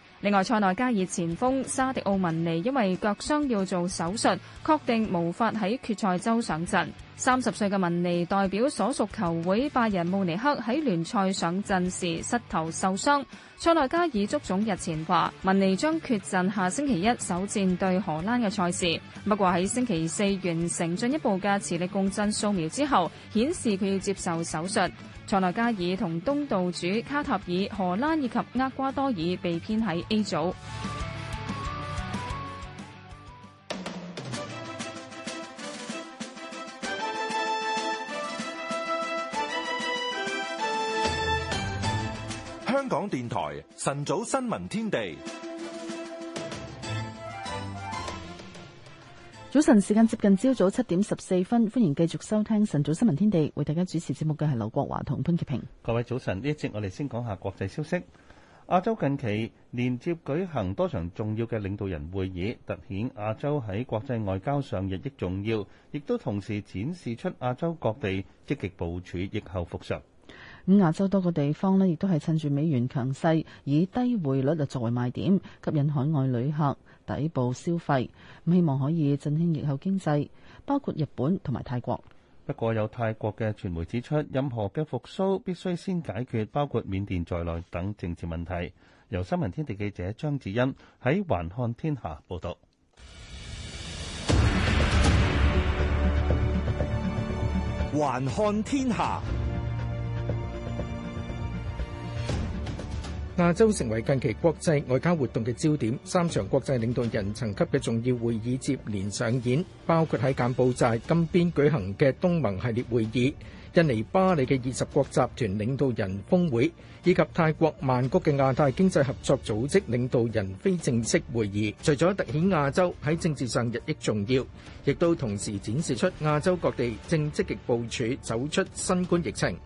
另外，塞內加爾前鋒沙迪奧文尼因為腳傷要做手術，確定無法喺決賽周上陣。三十歲嘅文尼代表所屬球會拜仁慕尼克喺聯賽上陣時膝頭受傷。塞內加爾足總日前話，文尼將缺陣下星期一首戰對荷蘭嘅賽事。不過喺星期四完成進一步嘅磁力共振掃描之後，顯示佢要接受手術。塞內加爾同東道主卡塔爾、荷蘭以及厄瓜多爾被編喺 A 組。香港電台晨早新聞天地。早晨，時間接近朝早七點十四分，歡迎繼續收聽晨早新聞天地，為大家主持節目嘅係劉國華同潘潔平。各位早晨，呢一節我哋先講下國際消息。亞洲近期連接舉行多場重要嘅領導人會議，突顯亞洲喺國際外交上日益重要，亦都同時展示出亞洲各地積極部署疫後復常。咁亞洲多個地方呢，亦都係趁住美元強勢，以低匯率啊作為賣點，吸引海外旅客。底部消費，希望可以振興疫後經濟，包括日本同埋泰國。不過有泰國嘅傳媒指出，任何嘅復甦必須先解決包括緬甸在內等政治問題。由新聞天地記者張子欣喺《環看天下》報道。環看天下。亞洲成為近期國際外交活動嘅焦點，三場國際領導人層級嘅重要會議接連上演，包括喺柬埔寨金邊舉行嘅東盟系列會議、印尼巴里嘅二十國集團領導人峰會，以及泰國曼谷嘅亞太經濟合作組織領導人非正式會議。除咗突顯亞洲喺政治上日益重要，亦都同時展示出亞洲各地正積極部署走出新冠疫情。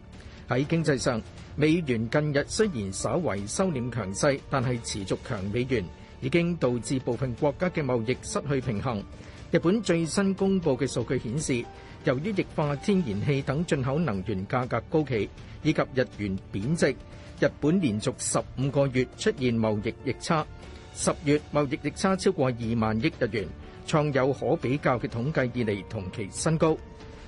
喺經濟上，美元近日雖然稍為收斂強勢，但係持續強美元已經導致部分國家嘅貿易失去平衡。日本最新公布嘅數據顯示，由於液化天然氣等進口能源價格高企，以及日元貶值，日本連續十五個月出現貿易逆差。十月貿易逆差超過二萬億日元，創有可比較嘅統計以嚟同期新高。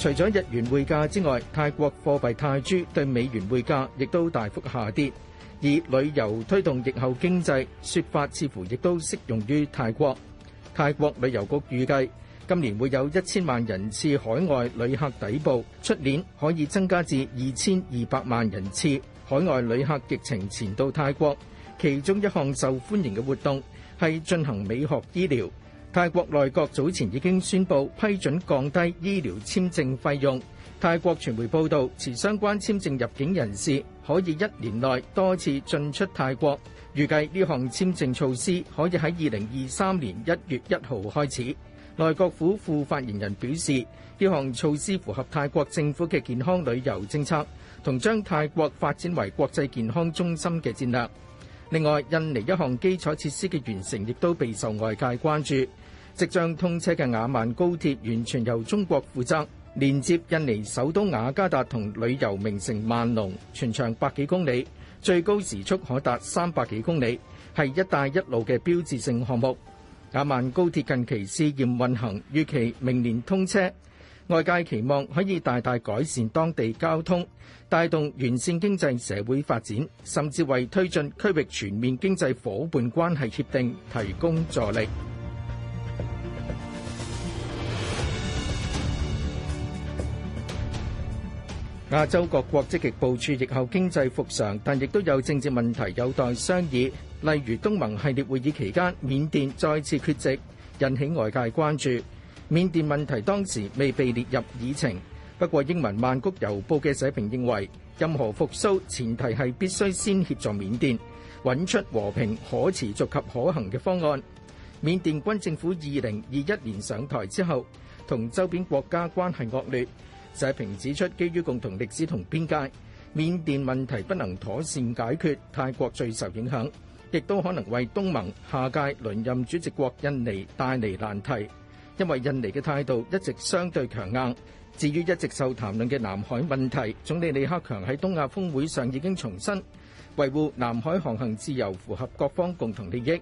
除咗日元匯價之外，泰國貨幣泰銖對美元匯價亦都大幅下跌。而旅遊推動疫後經濟說法，似乎亦都適用於泰國，泰國旅遊局預計今年會有一千萬人次海外旅客抵埗，出年可以增加至二千二百萬人次海外旅客。疫情前到泰國，其中一項受歡迎嘅活動，係進行美學醫療。泰國內閣早前已經宣佈批准降低醫療簽證費用。泰國傳媒報道，持相關簽證入境人士可以一年內多次進出泰國。預計呢項簽證措施可以喺二零二三年一月一號開始。內閣府副發言人表示，呢項措施符合泰國政府嘅健康旅遊政策，同將泰國發展為國際健康中心嘅戰略。另外，印尼一項基礎設施嘅完成亦都備受外界關注。即將通車嘅雅萬高鐵完全由中國負責，連接印尼首都雅加達同旅遊名城萬隆，全長百幾公里，最高時速可達三百幾公里，係一帶一路嘅標誌性項目。雅萬高鐵近期試驗運行，預期明年通車，外界期望可以大大改善當地交通，帶動完善經濟社會發展，甚至為推進區域全面經濟夥伴關係協定提供助力。 [NOISE] 亞洲各國積極部署疫後經濟復常，但亦都有政治問題有待商議，例如東盟系列會議期間，緬甸再次缺席，引起外界關注。緬甸問題當時未被列入議程，不過英文《曼谷郵報》嘅社評認為，任何復蘇前提係必須先協助緬甸揾出和平、可持續及可行嘅方案。緬甸軍政府二零二一年上台之後，同周邊國家關係惡劣。社評指出，基於共同歷史同邊界，緬甸問題不能妥善解決，泰國最受影響，亦都可能為東盟下屆輪任主席國印尼帶嚟難題。因為印尼嘅態度一直相對強硬。至於一直受談論嘅南海問題，總理李克強喺東亞峰會上已經重申，維護南海航行自由符合各方共同利益。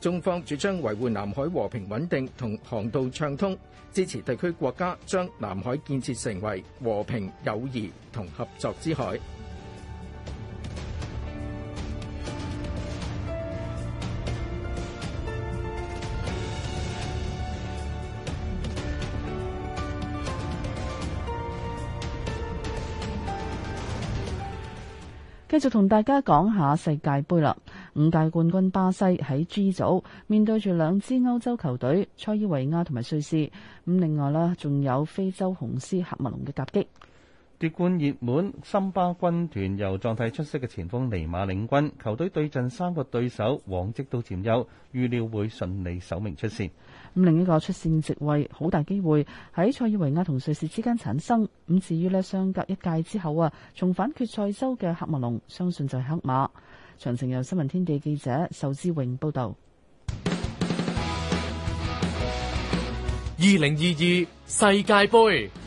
中方主張維護南海和平穩定同航道暢通，支持地區國家將南海建設成為和平友誼同合作之海。繼續同大家講下世界盃啦，五大冠軍巴西喺 G 組面對住兩支歐洲球隊塞爾維亞同埋瑞士，咁另外呢，仲有非洲雄獅喀麥隆嘅夾擊。奪冠熱門森巴軍團由狀態出色嘅前鋒尼馬領軍，球隊對陣三個對手往績都佔優，預料會順利首名出線。咁另一個出線席位好大機會喺塞爾維亞同瑞士之間產生。咁至於咧，相隔一屆之後啊，重返決賽周嘅黑馬龍，相信就係黑馬。詳情由新聞天地記者壽之榮報道。二零二二世界杯。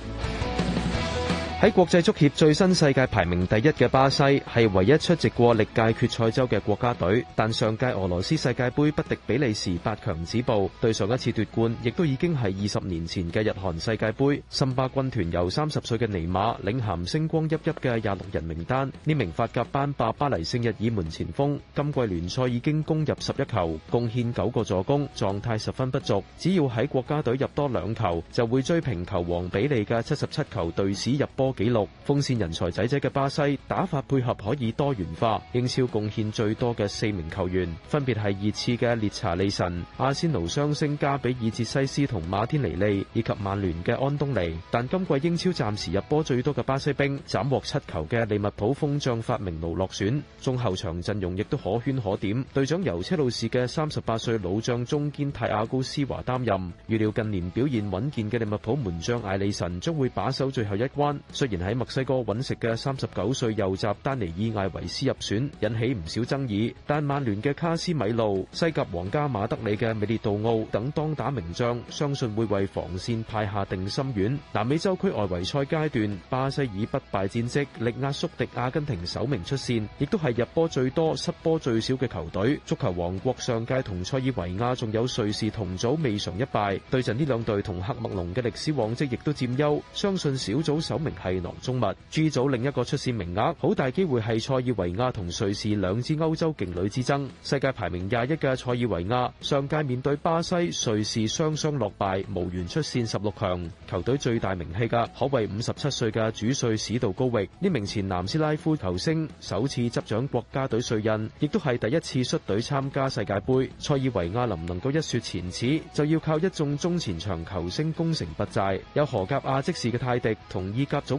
喺國際足協最新世界排名第一嘅巴西，係唯一出席過歷屆決賽周嘅國家隊。但上屆俄羅斯世界盃不敵比利時八強止步，對上一次奪冠亦都已經係二十年前嘅日韓世界盃。森巴軍團由三十歲嘅尼馬領銜，星光熠熠嘅廿六人名單。呢名法甲班霸巴，巴黎聖日耳門前鋒，今季聯賽已經攻入十一球，貢獻九個助攻，狀態十分不俗。只要喺國家隊入多兩球，就會追平球王比利嘅七十七球隊史入波紀錄鋒線人才仔仔嘅巴西打法配合可以多元化。英超貢獻最多嘅四名球員分別係熱刺嘅列查利神、阿仙奴雙星加比爾捷西斯同馬天尼利，以及曼聯嘅安東尼。但今季英超暫時入波最多嘅巴西兵，斬獲七球嘅利物浦鋒將法明奴落選，中後場陣容亦都可圈可點。隊長由車路士嘅三十八歲老將中堅泰阿古斯華擔任，預料近年表現穩健嘅利物浦門將艾利神將會把守最後一關。雖然喺墨西哥揾食嘅三十九歲右閘丹尼爾艾維斯入選，引起唔少爭議，但曼聯嘅卡斯米路、西甲皇家馬德里嘅米列杜奧等當打名將，相信會為防線派下定心丸。南美洲區外圍賽階段，巴西以不敗戰績力壓宿敵阿根廷，首名出線，亦都係入波最多、失波最少嘅球隊。足球王國上屆同塞爾維亞仲有瑞士同組未嘗一敗，對陣呢兩隊同喀麥隆嘅歷史往績亦都佔優，相信小組首名係囊中物。G 組另一個出線名額，好大機會係塞爾維亞同瑞士兩支歐洲勁旅之爭。世界排名廿一嘅塞爾維亞，上屆面對巴西、瑞士雙雙落敗，無緣出線十六強。球隊最大名氣噶，可謂五十七歲嘅主帥史度高域。呢名前南斯拉夫球星首次執掌國家隊帥印，亦都係第一次率隊參加世界盃。塞爾維亞能唔能夠一雪前恥，就要靠一眾中前場球星攻城拔寨。有荷甲亞積士嘅泰迪，同意甲組。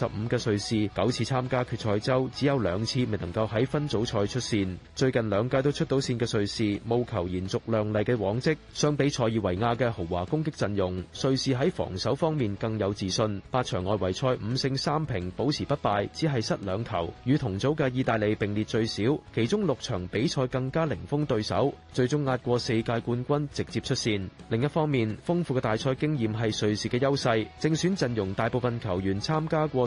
十五嘅瑞士九次參加決賽周，只有兩次未能夠喺分組賽出線。最近兩屆都出到線嘅瑞士，務求延續亮麗嘅往績。相比塞爾維亞嘅豪華攻擊陣容，瑞士喺防守方面更有自信。八場外圍賽五勝三平，保持不敗，只係失兩球，與同組嘅意大利並列最少。其中六場比賽更加零封對手，最終壓過四屆冠軍直接出線。另一方面，豐富嘅大賽經驗係瑞士嘅優勢。正選陣容大部分球員參加過。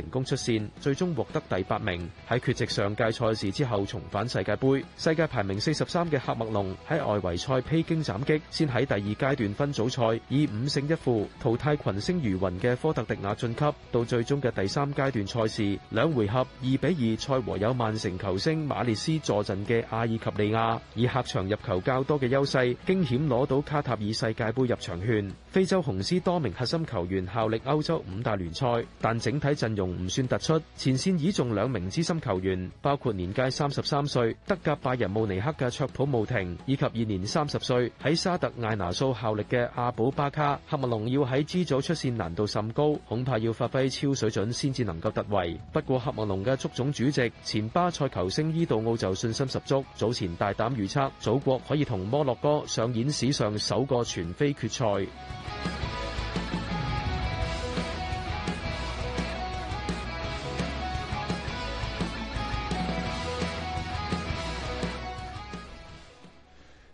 成功出線，最終獲得第八名。喺缺席上屆賽事之後，重返世界杯。世界排名四十三嘅喀麥隆喺外圍賽披荊斬棘，先喺第二階段分組賽以五勝一負淘汰群星如雲嘅科特迪瓦晉級，到最終嘅第三階段賽事兩回合二比二賽和有曼城球星馬列斯坐陣嘅阿爾及利亞，以客場入球較多嘅優勢驚險攞到卡塔爾世界杯入場券。非洲雄獅多名核心球員效力歐洲五大聯賽，但整體陣容。唔算突出，前線已中兩名資深球員，包括年屆三十三歲德甲拜仁慕尼黑嘅卓普慕廷，以及現年三十歲喺沙特艾拿素效力嘅阿布巴卡。喀麥隆要喺 G 組出線難度甚高，恐怕要發揮超水準先至能夠突圍。不過喀麥隆嘅足總主席，前巴塞球星伊度奧就信心十足，早前大膽預測祖國可以同摩洛哥上演史上首個全非決賽。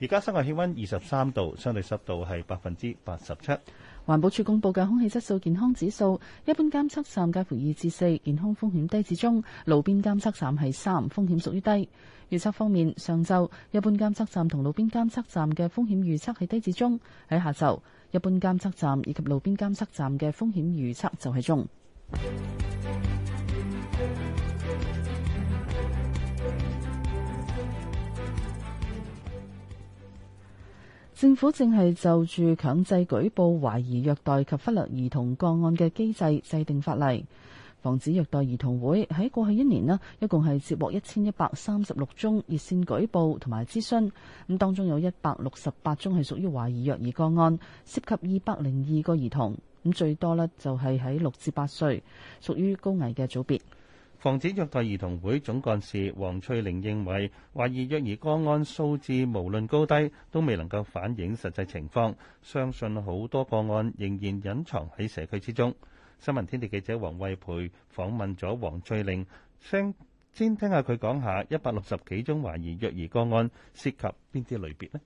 而家室外氣温二十三度，相對濕度係百分之八十七。環保署公布嘅空氣質素健康指數，一般監測站介乎二至四，健康風險低至中；路邊監測站係三，風險屬於低。預測方面，上晝一般監測站同路邊監測站嘅風險預測係低至中；喺下晝，一般監測站以及路邊監測站嘅風險預測就係中。政府正係就住強制舉報懷疑虐待及忽略兒童個案嘅機制制定法例，防止虐待兒童會喺過去一年呢，一共係接獲一千一百三十六宗熱線舉報同埋諮詢，咁當中有一百六十八宗係屬於懷疑虐兒個案，涉及二百零二個兒童，咁最多呢就係喺六至八歲，屬於高危嘅組別。防止虐待兒童會總幹事黃翠玲認為，懷疑虐兒個案數字無論高低，都未能夠反映實際情況。相信好多個案仍然隱藏喺社區之中。新聞天地記者黃惠培訪問咗黃翠玲，聲先聽，聽下佢講下一百六十幾宗懷疑虐兒個案涉及邊啲類別呢？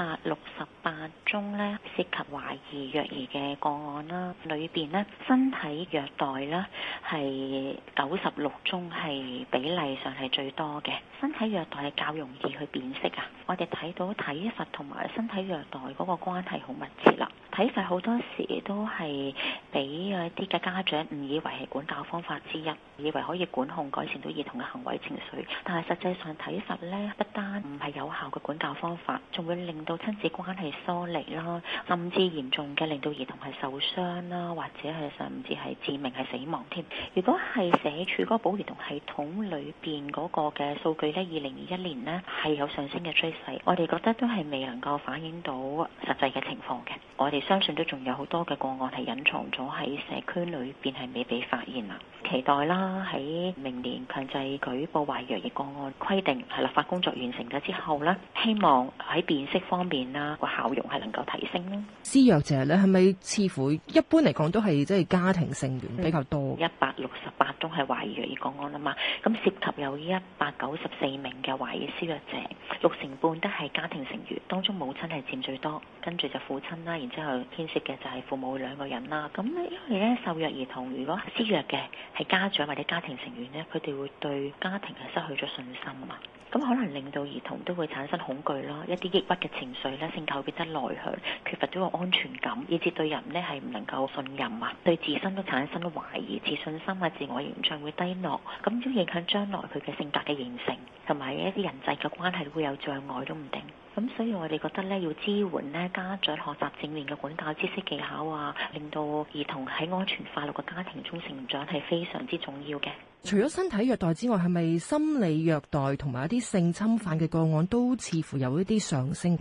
百六十八宗咧涉及懷疑虐兒嘅個案啦，裏邊咧身體虐待咧係九十六宗係比例上係最多嘅。身體虐待係較容易去辨識啊！我哋睇到體罰同埋身體虐待嗰個關係好密切啦。體罰好多時都係俾一啲嘅家長誤以為係管教方法之一，以為可以管控改善到兒童嘅行為情緒，但係實際上體罰咧不單唔係有效嘅管教方法，仲會令到親子關係疏離啦，甚至嚴重嘅令到兒童係受傷啦，或者係甚至係致命係死亡添。如果係社署嗰保兒童系統裏邊嗰個嘅數據呢，二零二一年呢係有上升嘅趨勢，我哋覺得都係未能夠反映到實際嘅情況嘅。我哋相信都仲有好多嘅個案係隱藏咗，喺社區裏邊係未被發現啊！期待啦，喺明年強制舉報懷疑虐兒嘅個案規定係立法工作完成咗之後咧，希望喺辨識方方面啦，個效用係能夠提升咯。施虐者咧，係咪似乎一般嚟講都係即係家庭成員比較多？一百六十八宗係懷疑虐兒個案啦嘛，咁涉及有一百九十四名嘅懷疑施虐者，六成半都係家庭成員，當中母親係佔最多，跟住就父親啦，然之後牽涉嘅就係父母兩個人啦。咁因為咧，受虐兒童如果施虐嘅係家長或者家庭成員咧，佢哋會對家庭係失去咗信心啊嘛。咁可能令到兒童都會產生恐懼啦，一啲抑鬱嘅情緒咧，性格會變得內向，缺乏咗個安全感，以致對人咧係唔能夠信任啊，對自身都產生咗懷疑，自信心啊、自我形象會低落，咁都影響將來佢嘅性格嘅形成，同埋一啲人際嘅關係會有障礙都唔定。咁所以我哋覺得咧，要支援咧家長學習正面嘅管教知識技巧啊，令到兒童喺安全快樂嘅家庭中成長係非常之重要嘅。除咗身體虐待之外，係咪心理虐待同埋一啲性侵犯嘅個案都似乎有一啲上升？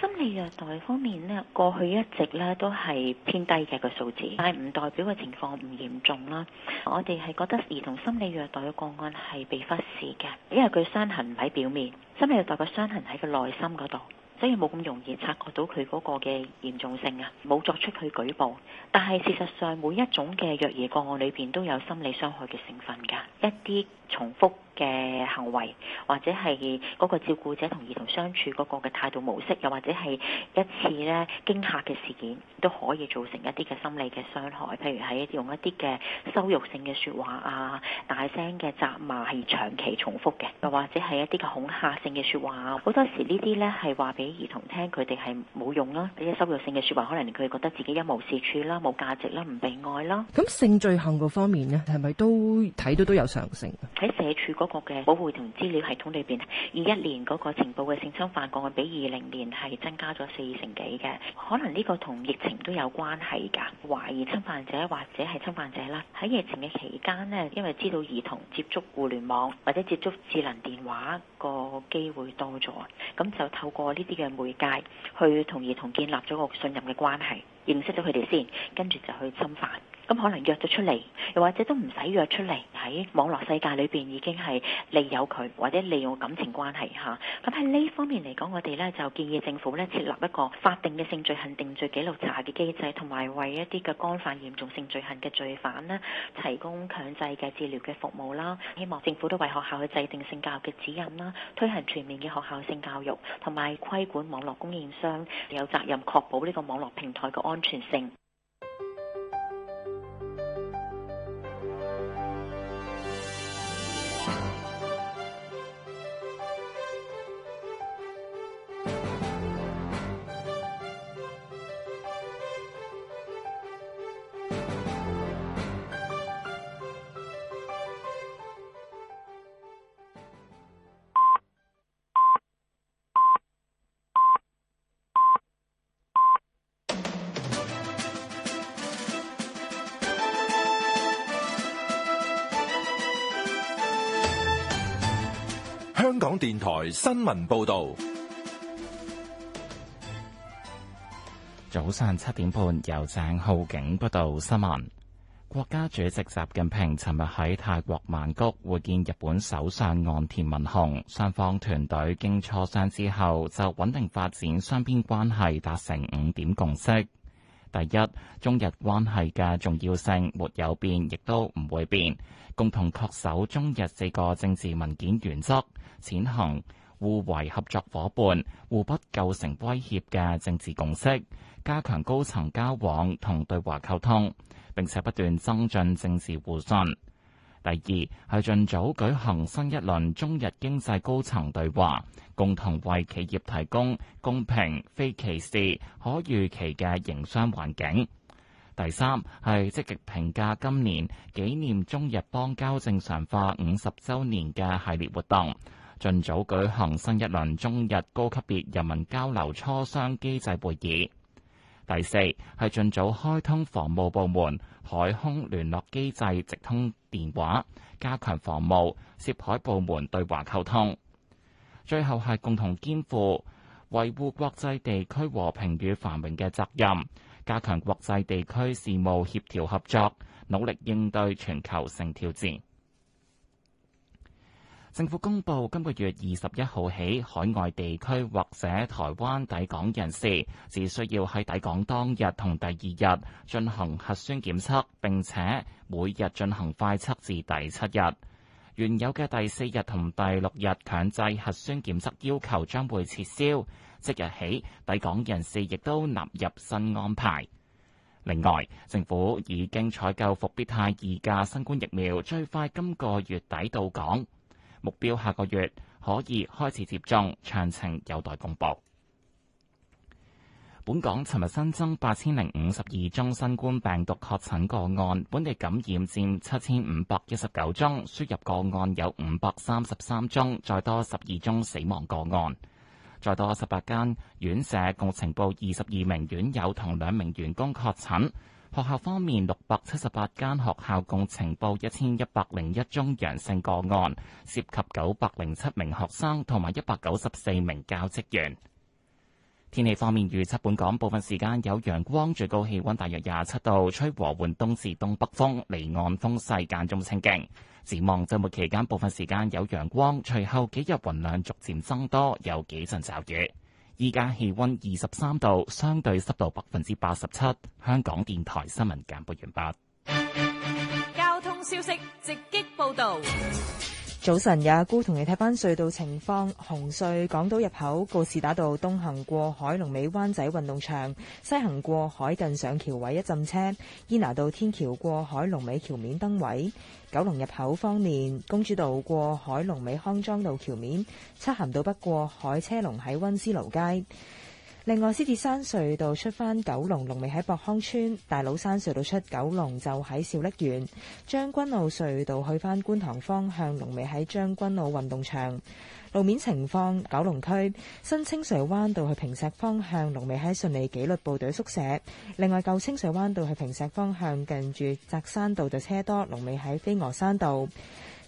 心理虐待方面呢，過去一直咧都係偏低嘅個數字，但係唔代表個情況唔嚴重啦。我哋係覺得兒童心理虐待嘅個案係被忽視嘅，因為佢傷痕唔喺表面，心理虐待嘅傷痕喺個內心嗰度。所以冇咁容易察覺到佢嗰個嘅嚴重性啊，冇作出佢舉報。但係事實上，每一種嘅虐兒個案裏邊都有心理傷害嘅成分㗎，一啲重複。嘅行為，或者係嗰個照顧者同兒童相處嗰個嘅態度模式，又或者係一次咧驚嚇嘅事件，都可以造成一啲嘅心理嘅傷害。譬如係用一啲嘅羞辱性嘅説話啊，大聲嘅責罵係長期重複嘅，又或者係一啲嘅恐嚇性嘅説話。好多時呢啲咧係話俾兒童聽，佢哋係冇用啦。呢啲羞辱性嘅説話，可能佢哋覺得自己一無是處啦，冇價值啦，唔被愛啦。咁性罪行嗰方面呢，係咪都睇到都有上升？喺社署嗰個嘅保護同資料系統裏邊，二一年嗰個情報嘅性侵犯個案比二零年係增加咗四成幾嘅，可能呢個同疫情都有關係㗎。懷疑侵犯者或者係侵犯者啦，喺疫情嘅期間呢，因為知道兒童接觸互聯網或者接觸智能電話個機會多咗，咁就透過呢啲嘅媒介去同兒童建立咗個信任嘅關係，認識咗佢哋先，跟住就去侵犯。咁可能約咗出嚟，又或者都唔使約出嚟，喺網絡世界裏邊已經係利誘佢，或者利用感情關係嚇。咁喺呢方面嚟講，我哋咧就建議政府咧設立一個法定嘅性罪行定罪紀錄查嘅機制，同埋為一啲嘅干犯嚴重性罪行嘅罪犯呢提供強制嘅治療嘅服務啦。希望政府都為學校去制定性教育嘅指引啦，推行全面嘅學校性教育，同埋規管網絡供應商有責任確保呢個網絡平台嘅安全性。新聞報道，早上七點半由鄭浩景報道新聞。國家主席習近平尋日喺泰國曼谷會見日本首相岸田文雄，雙方團隊經磋商之後就穩定發展雙邊關係達成五點共識。第一，中日關係嘅重要性沒有變，亦都唔會變，共同恪守中日四個政治文件原則，踐行互為合作伙伴、互不構成威脅嘅政治共識，加強高層交往同對話溝通，並且不斷增進政治互信。第二係盡早舉行新一輪中日經濟高層對話，共同為企業提供公平、非歧視、可預期嘅營商環境。第三係積極評價今年紀念中日邦交正常化五十週年嘅系列活動。盡早舉行新一輪中日高級別人民交流磋商機制會議。第四係盡早開通防務部門海空聯絡機制直通電話，加強防務涉海部門對話溝通。最後係共同肩負維護國際地區和平與繁榮嘅責任，加強國際地區事務協調合作，努力應對全球性挑戰。政府公布今個月二十一號起，海外地區或者台灣抵港人士只需要喺抵港當日同第二日進行核酸檢測，並且每日進行快測至第七日。原有嘅第四日同第六日強制核酸檢測要求將會撤銷，即日起抵港人士亦都納入新安排。另外，政府已經採購復必泰二價新冠疫苗，最快今個月底到港。目標下個月可以開始接種，詳情有待公布。本港尋日新增八千零五十二宗新冠病毒確診個案，本地感染佔七千五百一十九宗，輸入個案有五百三十三宗，再多十二宗死亡個案，再多十八間院舍共呈報二十二名院友同兩名員工確診。學校方面，六百七十八間學校共呈報一千一百零一宗陽性個案，涉及九百零七名學生同埋一百九十四名教職員。天氣方面，預測本港部分時間有陽光，最高氣溫大約廿七度，吹和緩東至東北風，離岸風勢間中清勁。展望周末期間，部分時間有陽光，隨後幾日雲量逐漸增多，有幾陣驟雨。依家氣温二十三度，相對濕度百分之八十七。香港電台新聞簡報完畢。交通消息直擊報導。早晨，也阿姑同你睇翻隧道情況。紅隧港島入口告士打道東行過海龍尾灣仔運動場，西行過海近上橋位一浸車。伊拿道天橋過海龍尾橋面燈位。九龍入口方面，公主道過海龍尾康莊道橋面，漆咸道北過海車龍喺溫思勞街。另外，獅子山隧道出翻九龍，龍尾喺博康村；大老山隧道出九龍就喺兆瀝苑。將軍澳隧道去翻觀塘方向，龍尾喺將軍澳運動場。路面情況，九龍區新清水灣道去坪石方向，龍尾喺順利紀律部隊宿舍。另外，舊清水灣道去坪石方向，近住扎山道就車多，龍尾喺飛鵝山道。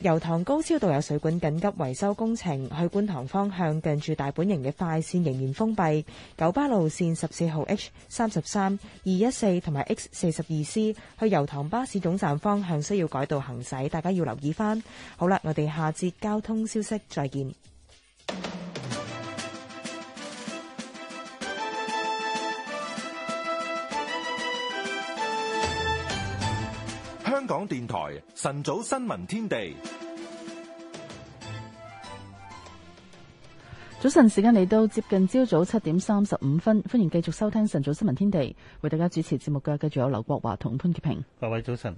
油塘高超道有水管緊急維修工程，去觀塘方向近住大本營嘅快綫仍然封閉。九巴路綫十四號 H、三十三、二一四同埋 X 四十二 C 去油塘巴士總站方向需要改道行駛，大家要留意翻。好啦，我哋下節交通消息再見。香港電台晨早新聞天地，早晨時間嚟到接近朝早七點三十五分，歡迎繼續收聽晨早新聞天地，為大家主持節目嘅繼續有劉國華同潘潔平。各位早晨，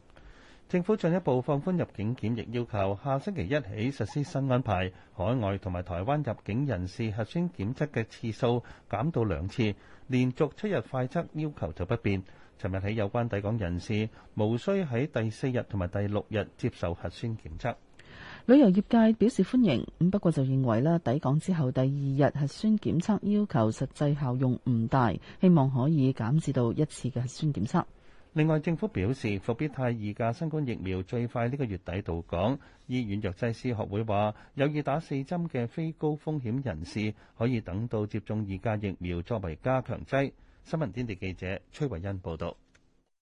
政府進一步放寬入境檢疫要求，下星期一起實施新安排，海外同埋台灣入境人士核酸檢測嘅次數減到兩次，連續七日快測要求就不變。尋日喺有關抵港人士，無需喺第四日同埋第六日接受核酸檢測。旅遊業界表示歡迎，咁不過就認為咧，抵港之後第二日核酸檢測要求實際效用唔大，希望可以減至到一次嘅核酸檢測。另外，政府表示復必泰二價新冠疫苗最快呢個月底到港。醫院藥劑師學會話，有意打四針嘅非高風險人士可以等到接種二價疫苗作為加強劑。新聞天地記者崔慧欣報道，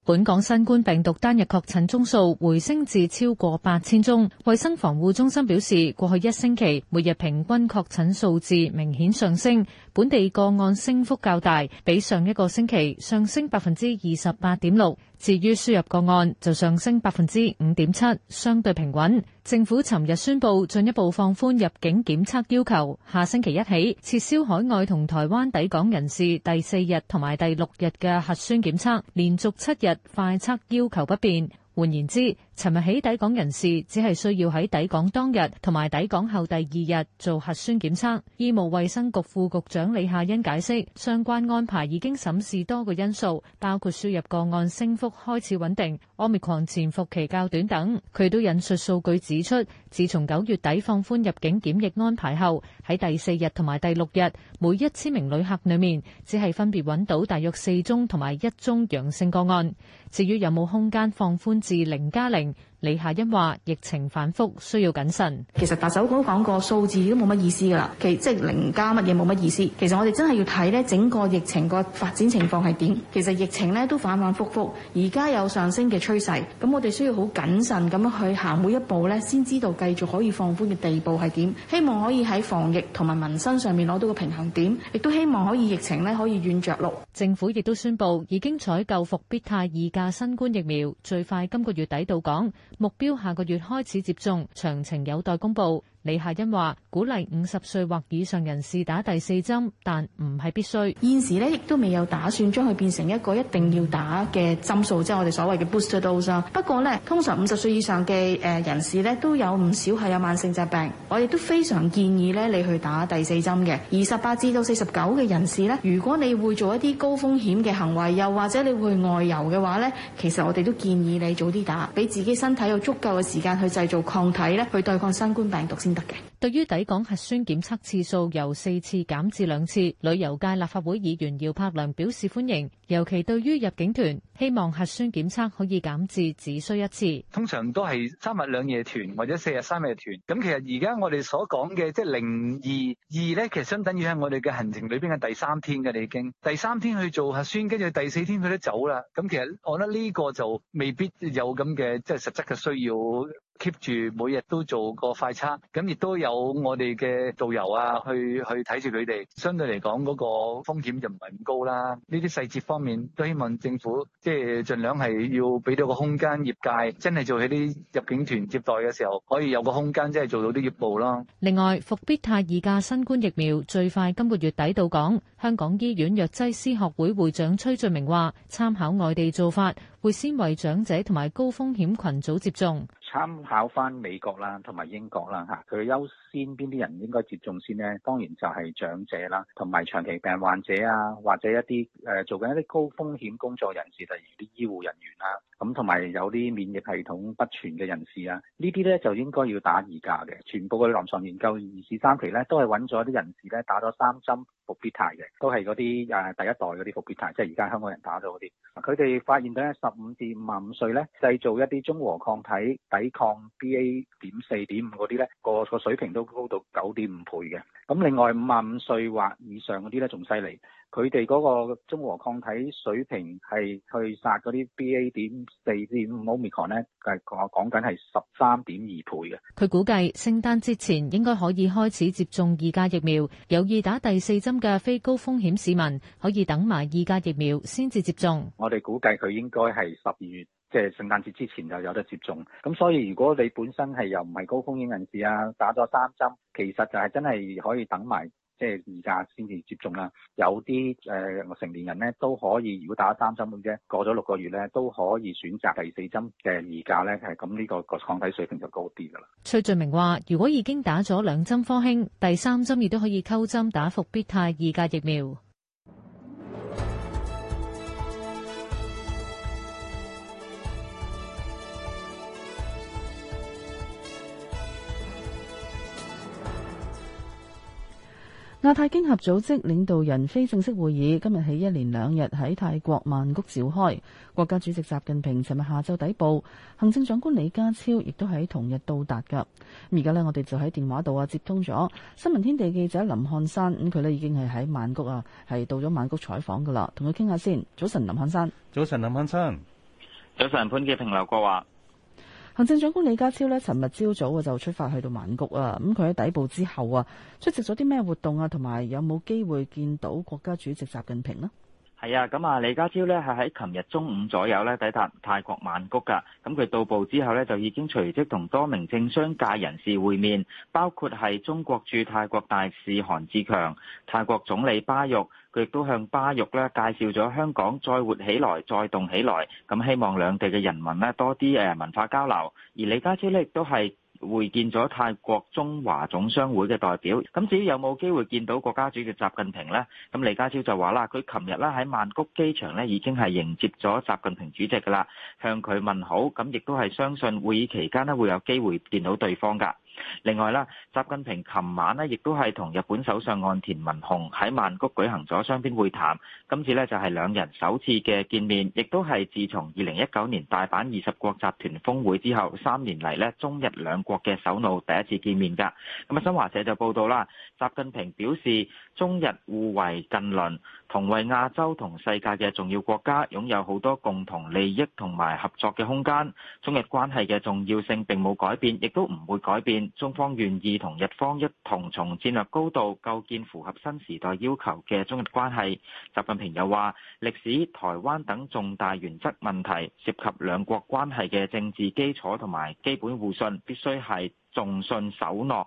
本港新冠病毒單日確診宗數回升至超過八千宗，衛生防護中心表示，過去一星期每日平均確診數字明顯上升。本地個案升幅較大，比上一個星期上升百分之二十八點六。至於輸入個案就上升百分之五點七，相對平穩。政府尋日宣布進一步放寬入境檢測要求，下星期一起撤銷海外同台灣抵港人士第四日同埋第六日嘅核酸檢測，連續七日快測要求不變。換言之，尋日起抵港人士只係需要喺抵港當日同埋抵港後第二日做核酸檢測。醫務衛生局副局長李夏欣解釋，相關安排已經審視多個因素，包括輸入個案升幅開始穩定、奧密克戎潛伏期較短等。佢都引述數據指出，自從九月底放寬入境檢疫安排後，喺第四日同埋第六日，每一千名旅客裡面只係分別揾到大約四宗同埋一宗陽性個案。至於有冇空間放寬至零加零？0, 李夏欣話：疫情反覆，需要謹慎。其實特首講過，數字都冇乜意思㗎啦，其即係零加乜嘢冇乜意思。其實我哋真係要睇呢整個疫情個發展情況係點。其實疫情呢都反反覆覆，而家有上升嘅趨勢。咁我哋需要好謹慎咁樣去行每一步呢，先知道繼續可以放寬嘅地步係點。希望可以喺防疫同埋民生上面攞到個平衡點，亦都希望可以疫情呢可以軟着陸。政府亦都宣布已經採購復必泰二價新冠疫苗，最快今個月底到港。目標下個月開始接種，詳情有待公布。李夏欣話：鼓勵五十歲或以上人士打第四針，但唔係必須。現時咧亦都未有打算將佢變成一個一定要打嘅針數，即係我哋所謂嘅 booster dose。不過呢，通常五十歲以上嘅誒人士咧都有唔少係有慢性疾病，我亦都非常建議咧你去打第四針嘅。二十八至到四十九嘅人士咧，如果你會做一啲高風險嘅行為又，又或者你會外遊嘅話咧，其實我哋都建議你早啲打，俾自己身體有足夠嘅時間去製造抗體咧，去對抗新冠病毒先。對於抵港核酸檢測次數由四次減至兩次，旅遊界立法會議員姚柏良表示歡迎。尤其對於入境團，希望核酸檢測可以減至只需一次。通常都係三日兩夜團或者四日三夜團。咁其實而家我哋所講嘅即係零二二咧，就是、02, 02其實相等於喺我哋嘅行程裏邊嘅第三天嘅，你已經第三天去做核酸，跟住第四天佢都走啦。咁其實我覺得呢個就未必有咁嘅即係實質嘅需要。keep 住每日都做個快測，咁亦都有我哋嘅導遊啊，去去睇住佢哋。相對嚟講，嗰個風險就唔係咁高啦。呢啲細節方面都希望政府即係盡量係要俾到個空間業界，真係做起啲入境團接待嘅時候，可以有個空間，即係做到啲業務咯。另外，復必泰二價新冠疫苗最快今個月底到港。香港醫院藥劑師學會會長崔俊明話，參考外地做法，會先為長者同埋高風險群組接種。參考翻美國啦，同埋英國啦嚇，佢優先邊啲人應該接種先呢？當然就係長者啦，同埋長期病患者啊，或者一啲誒、呃、做緊一啲高風險工作人士，例如啲醫護人員啦、啊，咁同埋有啲免疫系統不全嘅人士啊，呢啲呢就應該要打二價嘅。全部嘅臨床研究二至三期呢，都係揾咗啲人士呢打咗三針。復必泰嘅，都係嗰啲誒第一代嗰啲復必泰，即係而家香港人打咗嗰啲。佢哋發現到咧，十五至五十五歲咧，製造一啲中和抗體抵抗 BA 點四點五嗰啲咧，個個水平都高到九點五倍嘅。咁另外五十五歲或以上嗰啲咧，仲犀利。佢哋嗰個中和抗體水平係去殺嗰啲 B A 點四至五歐米克呢，係我講緊係十三點二倍嘅。佢估計聖誕節前應該可以開始接種二價疫苗，有意打第四針嘅非高風險市民可以等埋二價疫苗先至接種。我哋估計佢應該係十二月，即係聖誕節之前就有得接種。咁所以如果你本身係又唔係高風險人士啊，打咗三針，其實就係真係可以等埋。即係二價先至接種啦，有啲誒、呃、成年人咧都可以，如果打三針嘅啫，過咗六個月咧都可以選擇第四針嘅二價咧，係咁呢個個抗體水平就高啲噶啦。崔俊明話，如果已經打咗兩針科興，第三針亦都可以溝針打復必泰二價疫苗。亞太經合組織領導人非正式會議今日起一連兩日喺泰國曼谷召開。國家主席習近平尋日下晝抵埗，行政長官李家超亦都喺同日到達噶。咁而家呢，我哋就喺電話度啊，接通咗新聞天地記者林漢山。咁、嗯、佢呢已經係喺曼谷啊，係到咗曼谷採訪噶啦。同佢傾下先。早晨，林漢山。早晨，林漢山。早晨，潘潔平、劉國華。行政長官李家超呢，尋日朝早就出發去到曼谷啊，咁佢喺抵埗之後啊，出席咗啲咩活動啊，同埋有冇機會見到國家主席習近平呢？係啊，咁啊，李家超咧係喺琴日中午左右咧抵達泰國曼谷噶，咁佢到埗之後咧就已經隨即同多名政商界人士會面，包括係中國駐泰國大使韓志強、泰國總理巴育，佢亦都向巴育咧介紹咗香港再活起來、再動起來，咁希望兩地嘅人民呢多啲誒文化交流，而李家超咧亦都係。會見咗泰國中華總商會嘅代表，咁至於有冇機會見到國家主席習近平呢？咁李家超就話啦，佢琴日咧喺曼谷機場咧已經係迎接咗習近平主席噶啦，向佢問好，咁亦都係相信會議期間呢會有機會見到對方噶。另外啦，習近平琴晚呢亦都係同日本首相岸田文雄喺曼谷舉行咗雙邊會談，今次呢就係兩人首次嘅見面，亦都係自從二零一九年大阪二十國集團峰會之後三年嚟呢中日兩國嘅首腦第一次見面㗎。咁啊，新華社就報道啦，習近平表示中日互為近鄰。同為亞洲同世界嘅重要國家，擁有好多共同利益同埋合作嘅空間。中日關係嘅重要性並冇改變，亦都唔會改變。中方願意同日方一同從戰略高度構建符合新時代要求嘅中日關係。習近平又話：歷史、台灣等重大原則問題，涉及兩國關係嘅政治基礎同埋基本互信，必須係，重信守諾，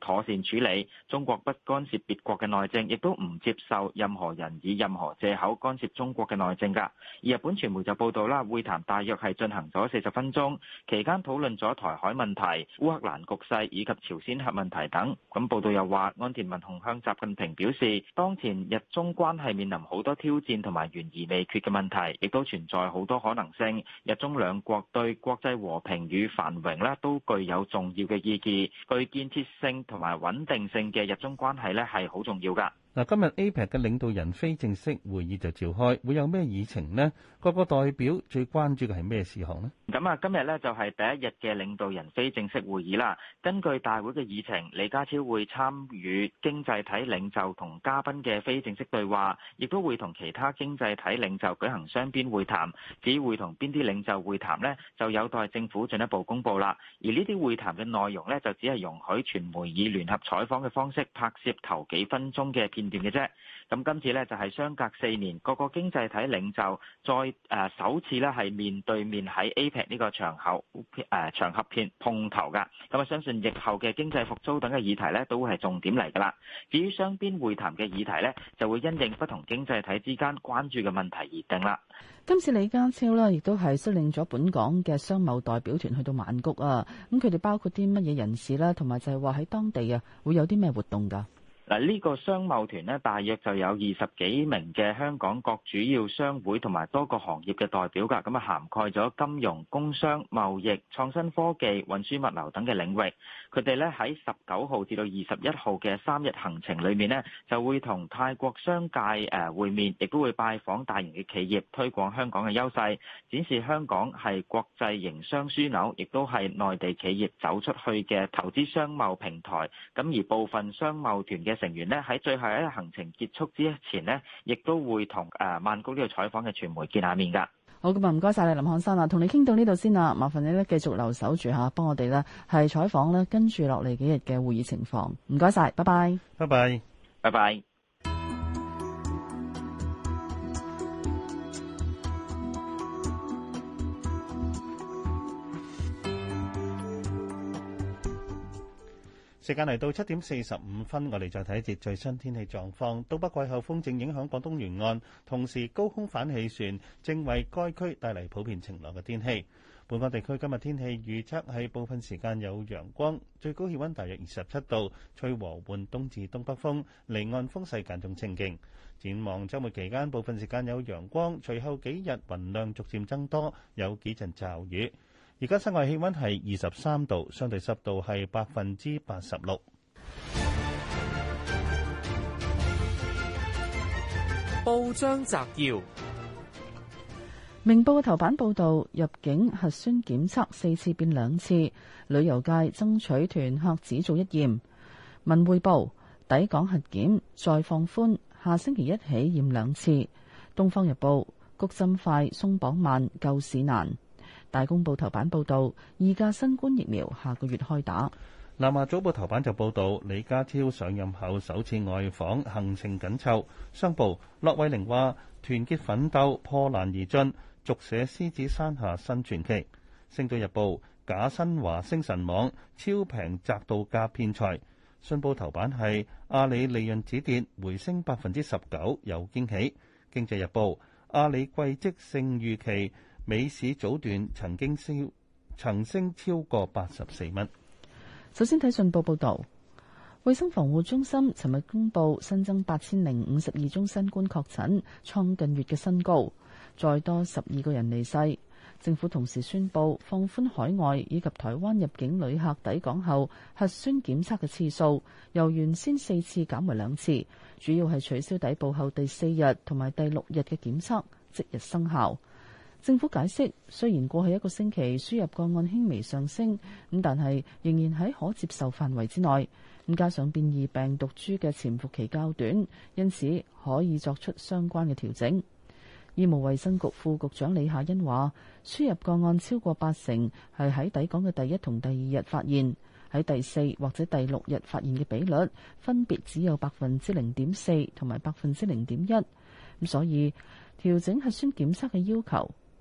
妥善處理。中國，不干涉別國嘅內政，亦都唔接受任何人以任何借口干涉中國嘅內政噶。而日本傳媒就報道啦，會談大約係進行咗四十分鐘，期間討論咗台海問題，烏克蘭局勢以及朝鮮核問題等。咁報道又話，安田文雄向習近平表示，當前日中關係面臨好多挑戰同埋懸疑未決嘅問題，亦都存在好多可能性。日中兩國對國際和平與繁榮咧都具有重要嘅。意見具建設性同埋穩定性嘅日中關係咧係好重要㗎。嗱，今日 APEC 嘅領導人非正式會議就召開，會有咩議程呢？各個代表最關注嘅係咩事項呢？咁啊，今日呢，就係第一日嘅領導人非正式會議啦。根據大會嘅議程，李家超會參與經濟體領袖同嘉賓嘅非正式對話，亦都會同其他經濟體領袖舉行雙邊會談。只會同邊啲領袖會談呢？就有待政府進一步公布啦。而呢啲會談嘅內容呢，就只係容許傳媒以聯合採訪嘅方式拍攝頭幾分鐘嘅片嘅啫。咁今次呢，就係相隔四年，各個經濟體領袖再誒、呃、首次呢，係面對面喺 APEC 呢個場合誒、呃、場合片碰頭㗎。咁、嗯、啊，相信疫後嘅經濟復甦等嘅議題呢，都會係重點嚟㗎啦。至於雙邊會談嘅議題呢，就會因應不同經濟體之間關注嘅問題而定啦。今次李家超呢，亦都係率領咗本港嘅商貿代表團去到曼谷啊。咁佢哋包括啲乜嘢人士啦，同埋就係話喺當地啊會有啲咩活動㗎？嗱，呢個商貿團咧，大約就有二十幾名嘅香港各主要商會同埋多個行業嘅代表㗎，咁啊涵蓋咗金融、工商、貿易、創新科技、運輸物流等嘅領域。佢哋咧喺十九號至到二十一號嘅三日行程裏面咧，就會同泰國商界誒會面，亦都會拜訪大型嘅企業，推廣香港嘅優勢，展示香港係國際營商樞紐，亦都係內地企業走出去嘅投資商貿平台。咁而部分商貿團嘅成員呢，喺最後一個行程結束之前呢，亦都會同誒、呃、曼谷呢個採訪嘅傳媒見下面噶。好，咁啊，唔該晒你林漢山啊，同你傾到呢度先啦，麻煩你咧繼續留守住吓，幫我哋咧係採訪咧跟住落嚟幾日嘅會議情況。唔該晒，拜拜，拜拜，拜拜。時間嚟到七點四十五分，我哋再睇一節最新天氣狀況。東北季候風正影響廣東沿岸，同時高空反氣旋正為該區帶嚟普遍晴朗嘅天氣。本港地區今日天，天氣預測係部分時間有陽光，最高氣温大約二十七度，吹和緩東至東北風，離岸風勢間中清勁。展望週末期間，部分時間有陽光，隨後幾日雲量逐漸增多，有幾陣驟雨。而家室外氣温係二十三度，相對濕度係百分之八十六。報章摘要：明報頭版報道，入境核酸檢測四次變兩次，旅遊界爭取團客只做一驗。文匯報，抵港核檢再放寬，下星期一起驗兩次。《東方日報》谷針快，鬆綁慢，救市難。大公報頭版報導，二價新冠疫苗下個月開打。南華早報頭版就報導，李家超上任後首次外訪，行程緊湊。商報，駱惠寧話：團結奮鬥，破難而進，續寫獅子山下新傳奇。星島日報，假新華星神網超平擲渡價騙財。信報頭版係阿里利潤止跌，回升百分之十九，有驚喜。經濟日報，阿里季績勝預期。美市早段曾經升，曾升超過八十四蚊。首先睇信報報導，衞生防護中心尋日公布新增八千零五十二宗新冠確診，創近月嘅新高，再多十二個人離世。政府同時宣布放寬海外以及台灣入境旅客抵港後核酸檢測嘅次數，由原先四次減為兩次，主要係取消抵埗後第四日同埋第六日嘅檢測，即日生效。政府解釋，雖然過去一個星期輸入個案輕微上升，咁但係仍然喺可接受範圍之內。咁加上變異病毒株嘅潛伏期較短，因此可以作出相關嘅調整。醫務衛生局副局長李夏茵話：輸入個案超過八成係喺抵港嘅第一同第二日發現，喺第四或者第六日發現嘅比率分別只有百分之零點四同埋百分之零點一。咁所以調整核酸檢測嘅要求。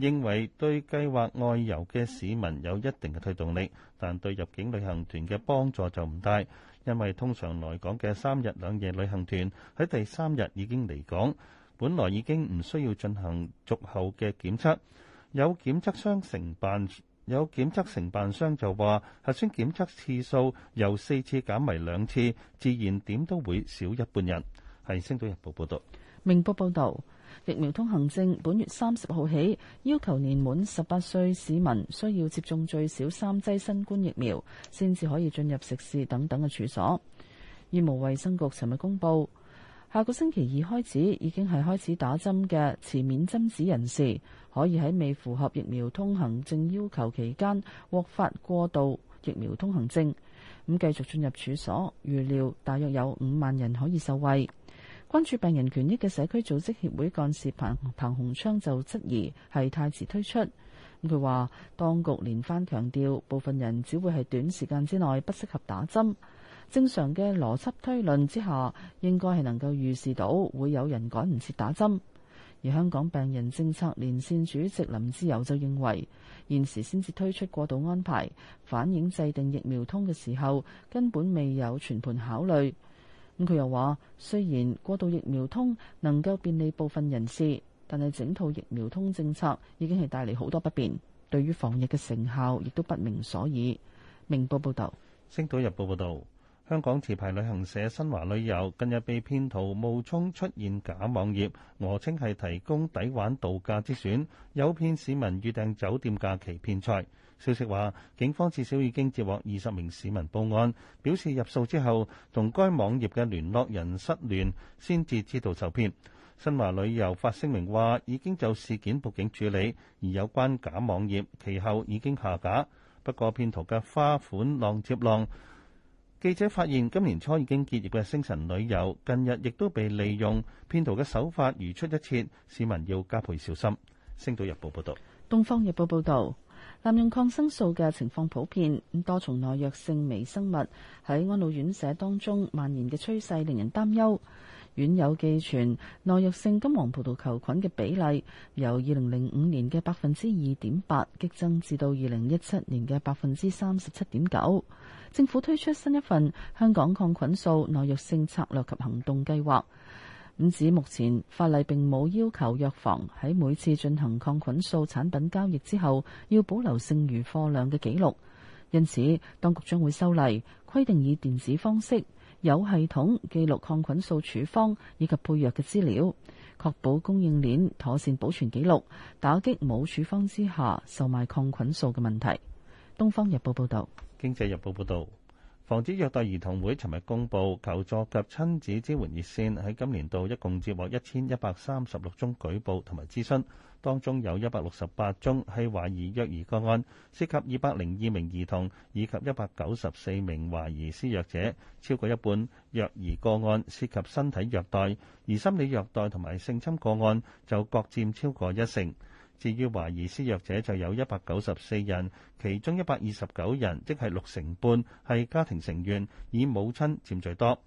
認為對計劃外遊嘅市民有一定嘅推動力，但對入境旅行團嘅幫助就唔大，因為通常來港嘅三日兩夜旅行團喺第三日已經離港，本來已經唔需要進行續後嘅檢測。有檢測商承辦有檢測承辦商就話，核酸檢測次數由四次減為兩次，自然點都會少一半人。係星島日報報道，明報報道。疫苗通行證本月三十號起，要求年滿十八歲市民需要接種最少三劑新冠疫苗，先至可以進入食肆等等嘅處所。醫務衛生局尋日公布，下個星期二開始已經係開始打針嘅持免針紙人士，可以喺未符合疫苗通行證要求期間獲發過渡疫苗通行證，咁繼續進入處所。預料大約有五萬人可以受惠。關注病人權益嘅社區組織協會幹事彭彭鴻昌就質疑係太遲推出。咁佢話，當局連番強調，部分人只會喺短時間之內不適合打針。正常嘅邏輯推論之下，應該係能夠預示到會有人趕唔切打針。而香港病人政策連線主席林志釉就認為，現時先至推出過渡安排，反映制定疫苗通嘅時候根本未有全盤考慮。咁佢又話：雖然過度疫苗通能夠便利部分人士，但係整套疫苗通政策已經係帶嚟好多不便，對於防疫嘅成效亦都不明所以。明報報導，《星島日報》報道，香港持牌旅行社新華旅遊近日被騙徒冒充出現假網頁，訛稱係提供抵玩度假之選，誘騙市民預訂酒店假期騙財。消息話，警方至少已經接獲二十名市民報案，表示入數之後同該網頁嘅聯絡人失聯，先至知道受騙。新華旅遊發聲明話，已經就事件報警處理，而有關假網頁其後已經下架。不過，騙徒嘅花款浪接浪。記者發現，今年初已經結業嘅星晨旅遊近日亦都被利用騙徒嘅手法如出一轍，市民要加倍小心。星島日報報道。東方日報報導。濫用抗生素嘅情況普遍，多重耐藥性微生物喺安老院舍當中蔓延嘅趨勢令人擔憂。院友寄存耐藥性金黃葡萄球菌嘅比例由二零零五年嘅百分之二點八激增至到二零一七年嘅百分之三十七點九。政府推出新一份《香港抗菌素耐藥性策略及行動計劃》。五指目前法例並冇要求藥房喺每次進行抗菌素產品交易之後，要保留剩餘貨量嘅記錄。因此，當局將會修例，規定以電子方式有系統記錄抗菌素處方以及配藥嘅資料，確保供應鏈妥善保存記錄，打擊冇處方之下售賣抗菌素嘅問題。《東方日報》報道。《經濟日報》報導。防止虐待兒童會尋日公佈求助及親子支援熱線，喺今年度一共接獲一千一百三十六宗舉報同埋諮詢，當中有一百六十八宗係懷疑虐兒個案，涉及二百零二名兒童，以及一百九十四名懷疑施虐者，超過一半虐兒個案涉及身體虐待，而心理虐待同埋性侵個案就各佔超過一成。至於懷疑施虐者就有一百九十四人，其中一百二十九人，即係六成半，係家庭成員，以母親佔最多。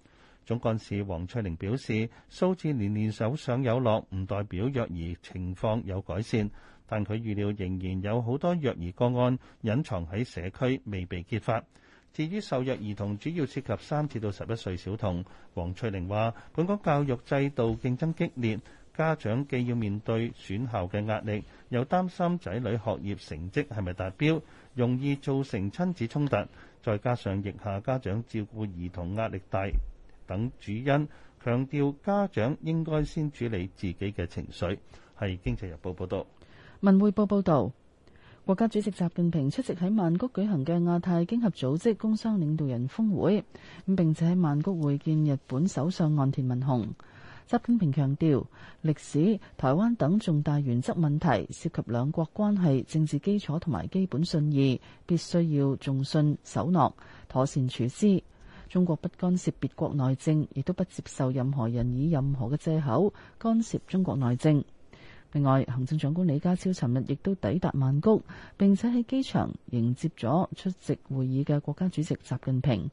總幹事黃翠玲表示，數字年年有上有落，唔代表虐兒情況有改善，但佢預料仍然有好多虐兒個案隱藏喺社區未被揭發。至於受虐兒童主要涉及三至到十一歲小童，黃翠玲話，本港教育制度競爭激烈。家長既要面對選校嘅壓力，又擔心仔女學業成績係咪達標，容易造成親子衝突，再加上疫下家長照顧兒童壓力大等主因，強調家長應該先處理自己嘅情緒。係經濟日報報道，文匯報報道：國家主席習近平出席喺曼谷舉行嘅亞太經合組織工商領導人峰會，咁並且喺曼谷會見日本首相岸田文雄。習近平強調，歷史、台灣等重大原則問題涉及兩國關係政治基礎同埋基本信義，必須要重信守諾，妥善處置。中國不干涉別國內政，亦都不接受任何人以任何嘅借口干涉中國內政。另外，行政長官李家超尋日亦都抵達曼谷，並且喺機場迎接咗出席會議嘅國家主席習近平。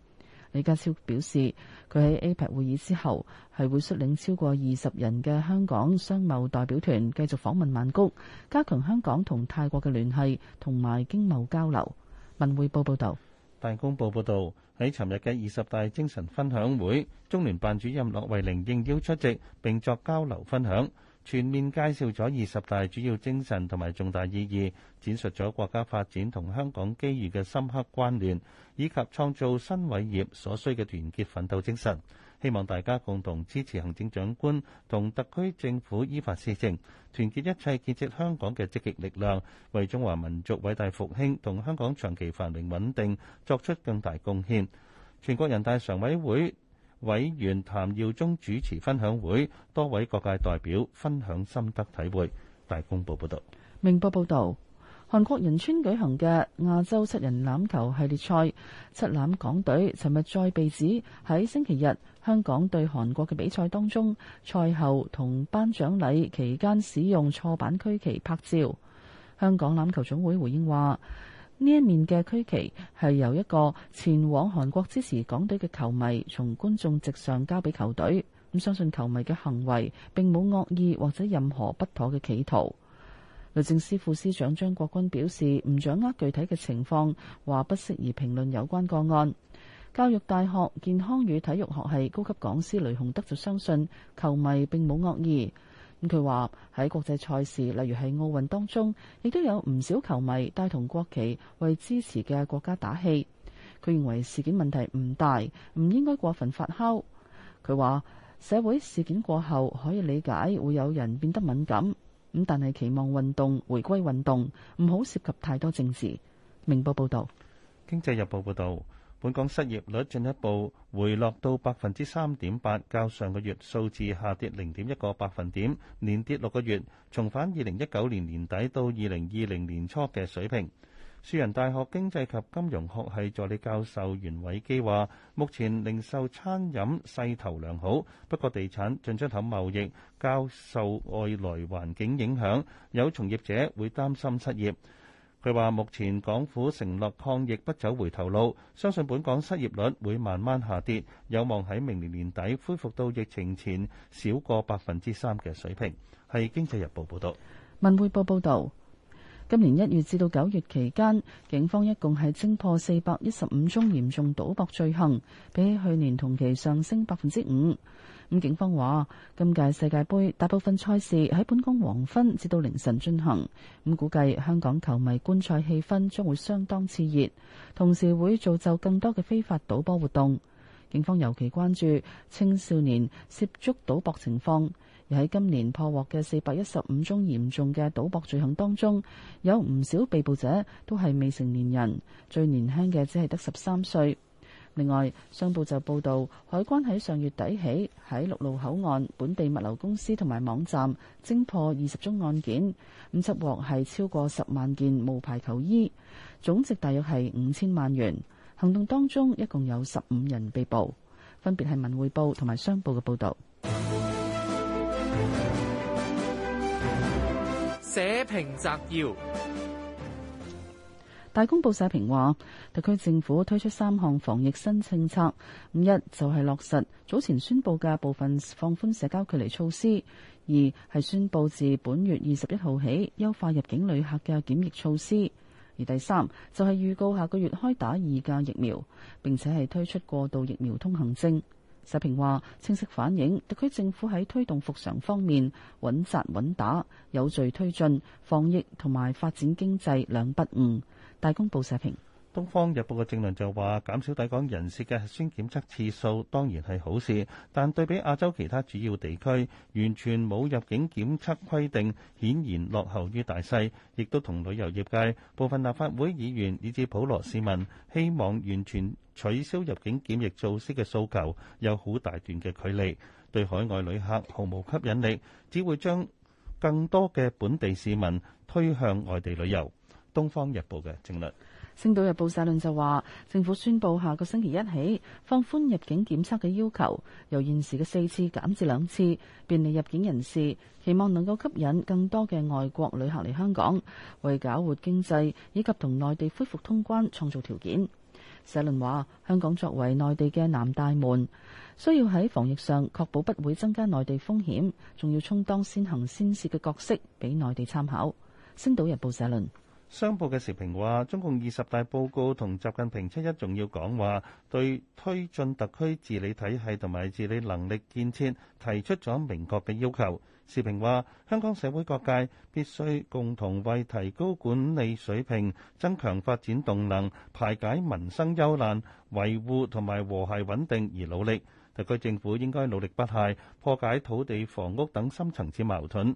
李家超表示，佢喺 APEC 會議之後，係會率領超過二十人嘅香港商貿代表團繼續訪問曼谷，加強香港同泰國嘅聯繫同埋經貿交流。文匯報報導，大公報報導，喺尋日嘅二十大精神分享會，中聯辦主任駱惠寧應邀出席並作交流分享。全面介紹咗二十大主要精神同埋重大意義，展述咗國家發展同香港機遇嘅深刻關聯，以及創造新偉業所需嘅團結奮鬥精神。希望大家共同支持行政長官同特區政府依法施政，團結一切建設香港嘅積極力量，為中華民族偉大復興同香港長期繁榮穩定作出更大貢獻。全國人大常委會委員譚耀宗主持分享會，多位各界代表分享心得體會。大公報報道，明報報道，韓國仁川舉行嘅亞洲七人欖球系列賽，七欖港隊尋日再被指喺星期日香港對韓國嘅比賽當中，賽後同頒獎禮期間使用錯版區旗拍照。香港欖球總會回應話：呢一面嘅區旗係由一個前往韓國支持港隊嘅球迷從觀眾席上交俾球隊，咁相信球迷嘅行為並冇惡意或者任何不妥嘅企圖。律政司副司長張國軍表示，唔掌握具體嘅情況，話不適宜評論有關個案。教育大學健康與體育學系高級講師雷洪德就相信球迷並冇惡意。咁佢話喺國際賽事，例如係奧運當中，亦都有唔少球迷帶同國旗為支持嘅國家打氣。佢認為事件問題唔大，唔應該過分發酵。佢話社會事件過後可以理解會有人變得敏感，咁但係期望運動回歸運動，唔好涉及太多政治。明報報道。經濟日報報道。本港失業率進一步回落到百分之三點八，較上個月數字下跌零點一個百分點，連跌六個月，重返二零一九年年底到二零二零年初嘅水平。樹仁大學經濟及金融學系助理教授袁偉基話，目前零售、餐飲勢頭良好，不過地產、進出口貿易較受外來環境影響，有從業者會擔心失業。佢話：目前港府承諾抗疫不走回頭路，相信本港失業率會慢慢下跌，有望喺明年年底恢復到疫情前少過百分之三嘅水平。係《經濟日報》報道。《文匯報》報道，今年一月至到九月期間，警方一共係偵破四百一十五宗嚴重賭博罪行，比去年同期上升百分之五。咁警方話，今屆世界盃大部分賽事喺本港黃昏至到凌晨進行，咁估計香港球迷觀賽氣氛將會相當熾熱，同時會造就更多嘅非法賭波活動。警方尤其關注青少年涉足賭博情況，而喺今年破獲嘅四百一十五宗嚴重嘅賭博罪行當中，有唔少被捕者都係未成年人，最年輕嘅只係得十三歲。另外，商報就報道海關喺上月底起喺陸路口岸、本地物流公司同埋網站偵破二十宗案件，咁查獲係超過十萬件冒牌球衣，總值大約係五千萬元。行動當中一共有十五人被捕，分別係文匯報同埋商報嘅報道。社評摘要。大公報社評話，特區政府推出三項防疫新政策，五一就係落實早前宣布嘅部分放寬社交距離措施；二係宣布自本月二十一號起優化入境旅客嘅檢疫措施；而第三就係預告下個月開打二價疫苗，並且係推出過渡疫苗通行證。社評話，清晰反映特區政府喺推動復常方面穩紮穩打，有序推進防疫同埋發展經濟兩不誤。大公報社評：東方日報嘅政論就話，減少抵港人士嘅核酸檢測次數當然係好事，但對比亞洲其他主要地區完全冇入境檢測規定，顯然落後於大勢，亦都同旅遊業界、部分立法會議員以至普羅市民希望完全取消入境檢疫措施嘅訴求有好大段嘅距離，對海外旅客毫無吸引力，只會將更多嘅本地市民推向外地旅遊。《東方日報》嘅政論。《星島日報》社論就話，政府宣布下個星期一起放寬入境檢測嘅要求，由現時嘅四次減至兩次，便利入境人士，期望能夠吸引更多嘅外國旅客嚟香港，為搞活經濟以及同內地恢復通關創造條件。社論話，香港作為內地嘅南大門，需要喺防疫上確保不會增加內地風險，仲要充當先行先試嘅角色，俾內地參考。《星島日報》社論。商報嘅時評話，中共二十大報告同習近平七一重要講話，對推進特區治理體系同埋治理能力建設提出咗明確嘅要求。時評話，香港社會各界必須共同為提高管理水平、增強發展動能、排解民生憂難、維護同埋和諧穩定而努力。特區政府應該努力不懈，破解土地、房屋等深層次矛盾。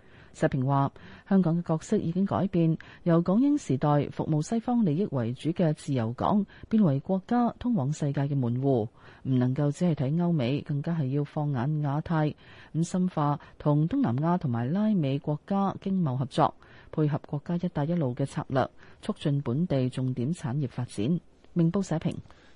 社評話：香港嘅角色已經改變，由港英時代服務西方利益為主嘅自由港，變為國家通往世界嘅門戶。唔能夠只係睇歐美，更加係要放眼亞太，咁深化同東南亞同埋拉美國家經貿合作，配合國家一帶一路嘅策略，促進本地重點產業發展。明報社評。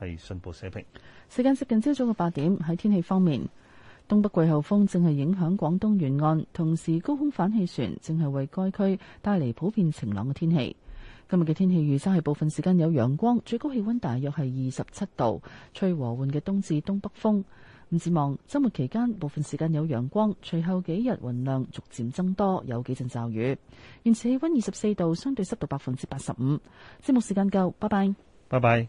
係信報社評。時間接近朝早嘅八點。喺天氣方面，東北季候風正係影響廣東沿岸，同時高空反氣旋正係為該區帶嚟普遍晴朗嘅天氣。今日嘅天氣預測係部分時間有陽光，最高氣溫大約係二十七度，吹和緩嘅東至東北風。咁展望周末期間部分時間有陽光，隨後幾日雲量逐漸增多，有幾陣驟雨。現時氣溫二十四度，相對濕度百分之八十五。節目時間夠，拜拜，拜拜。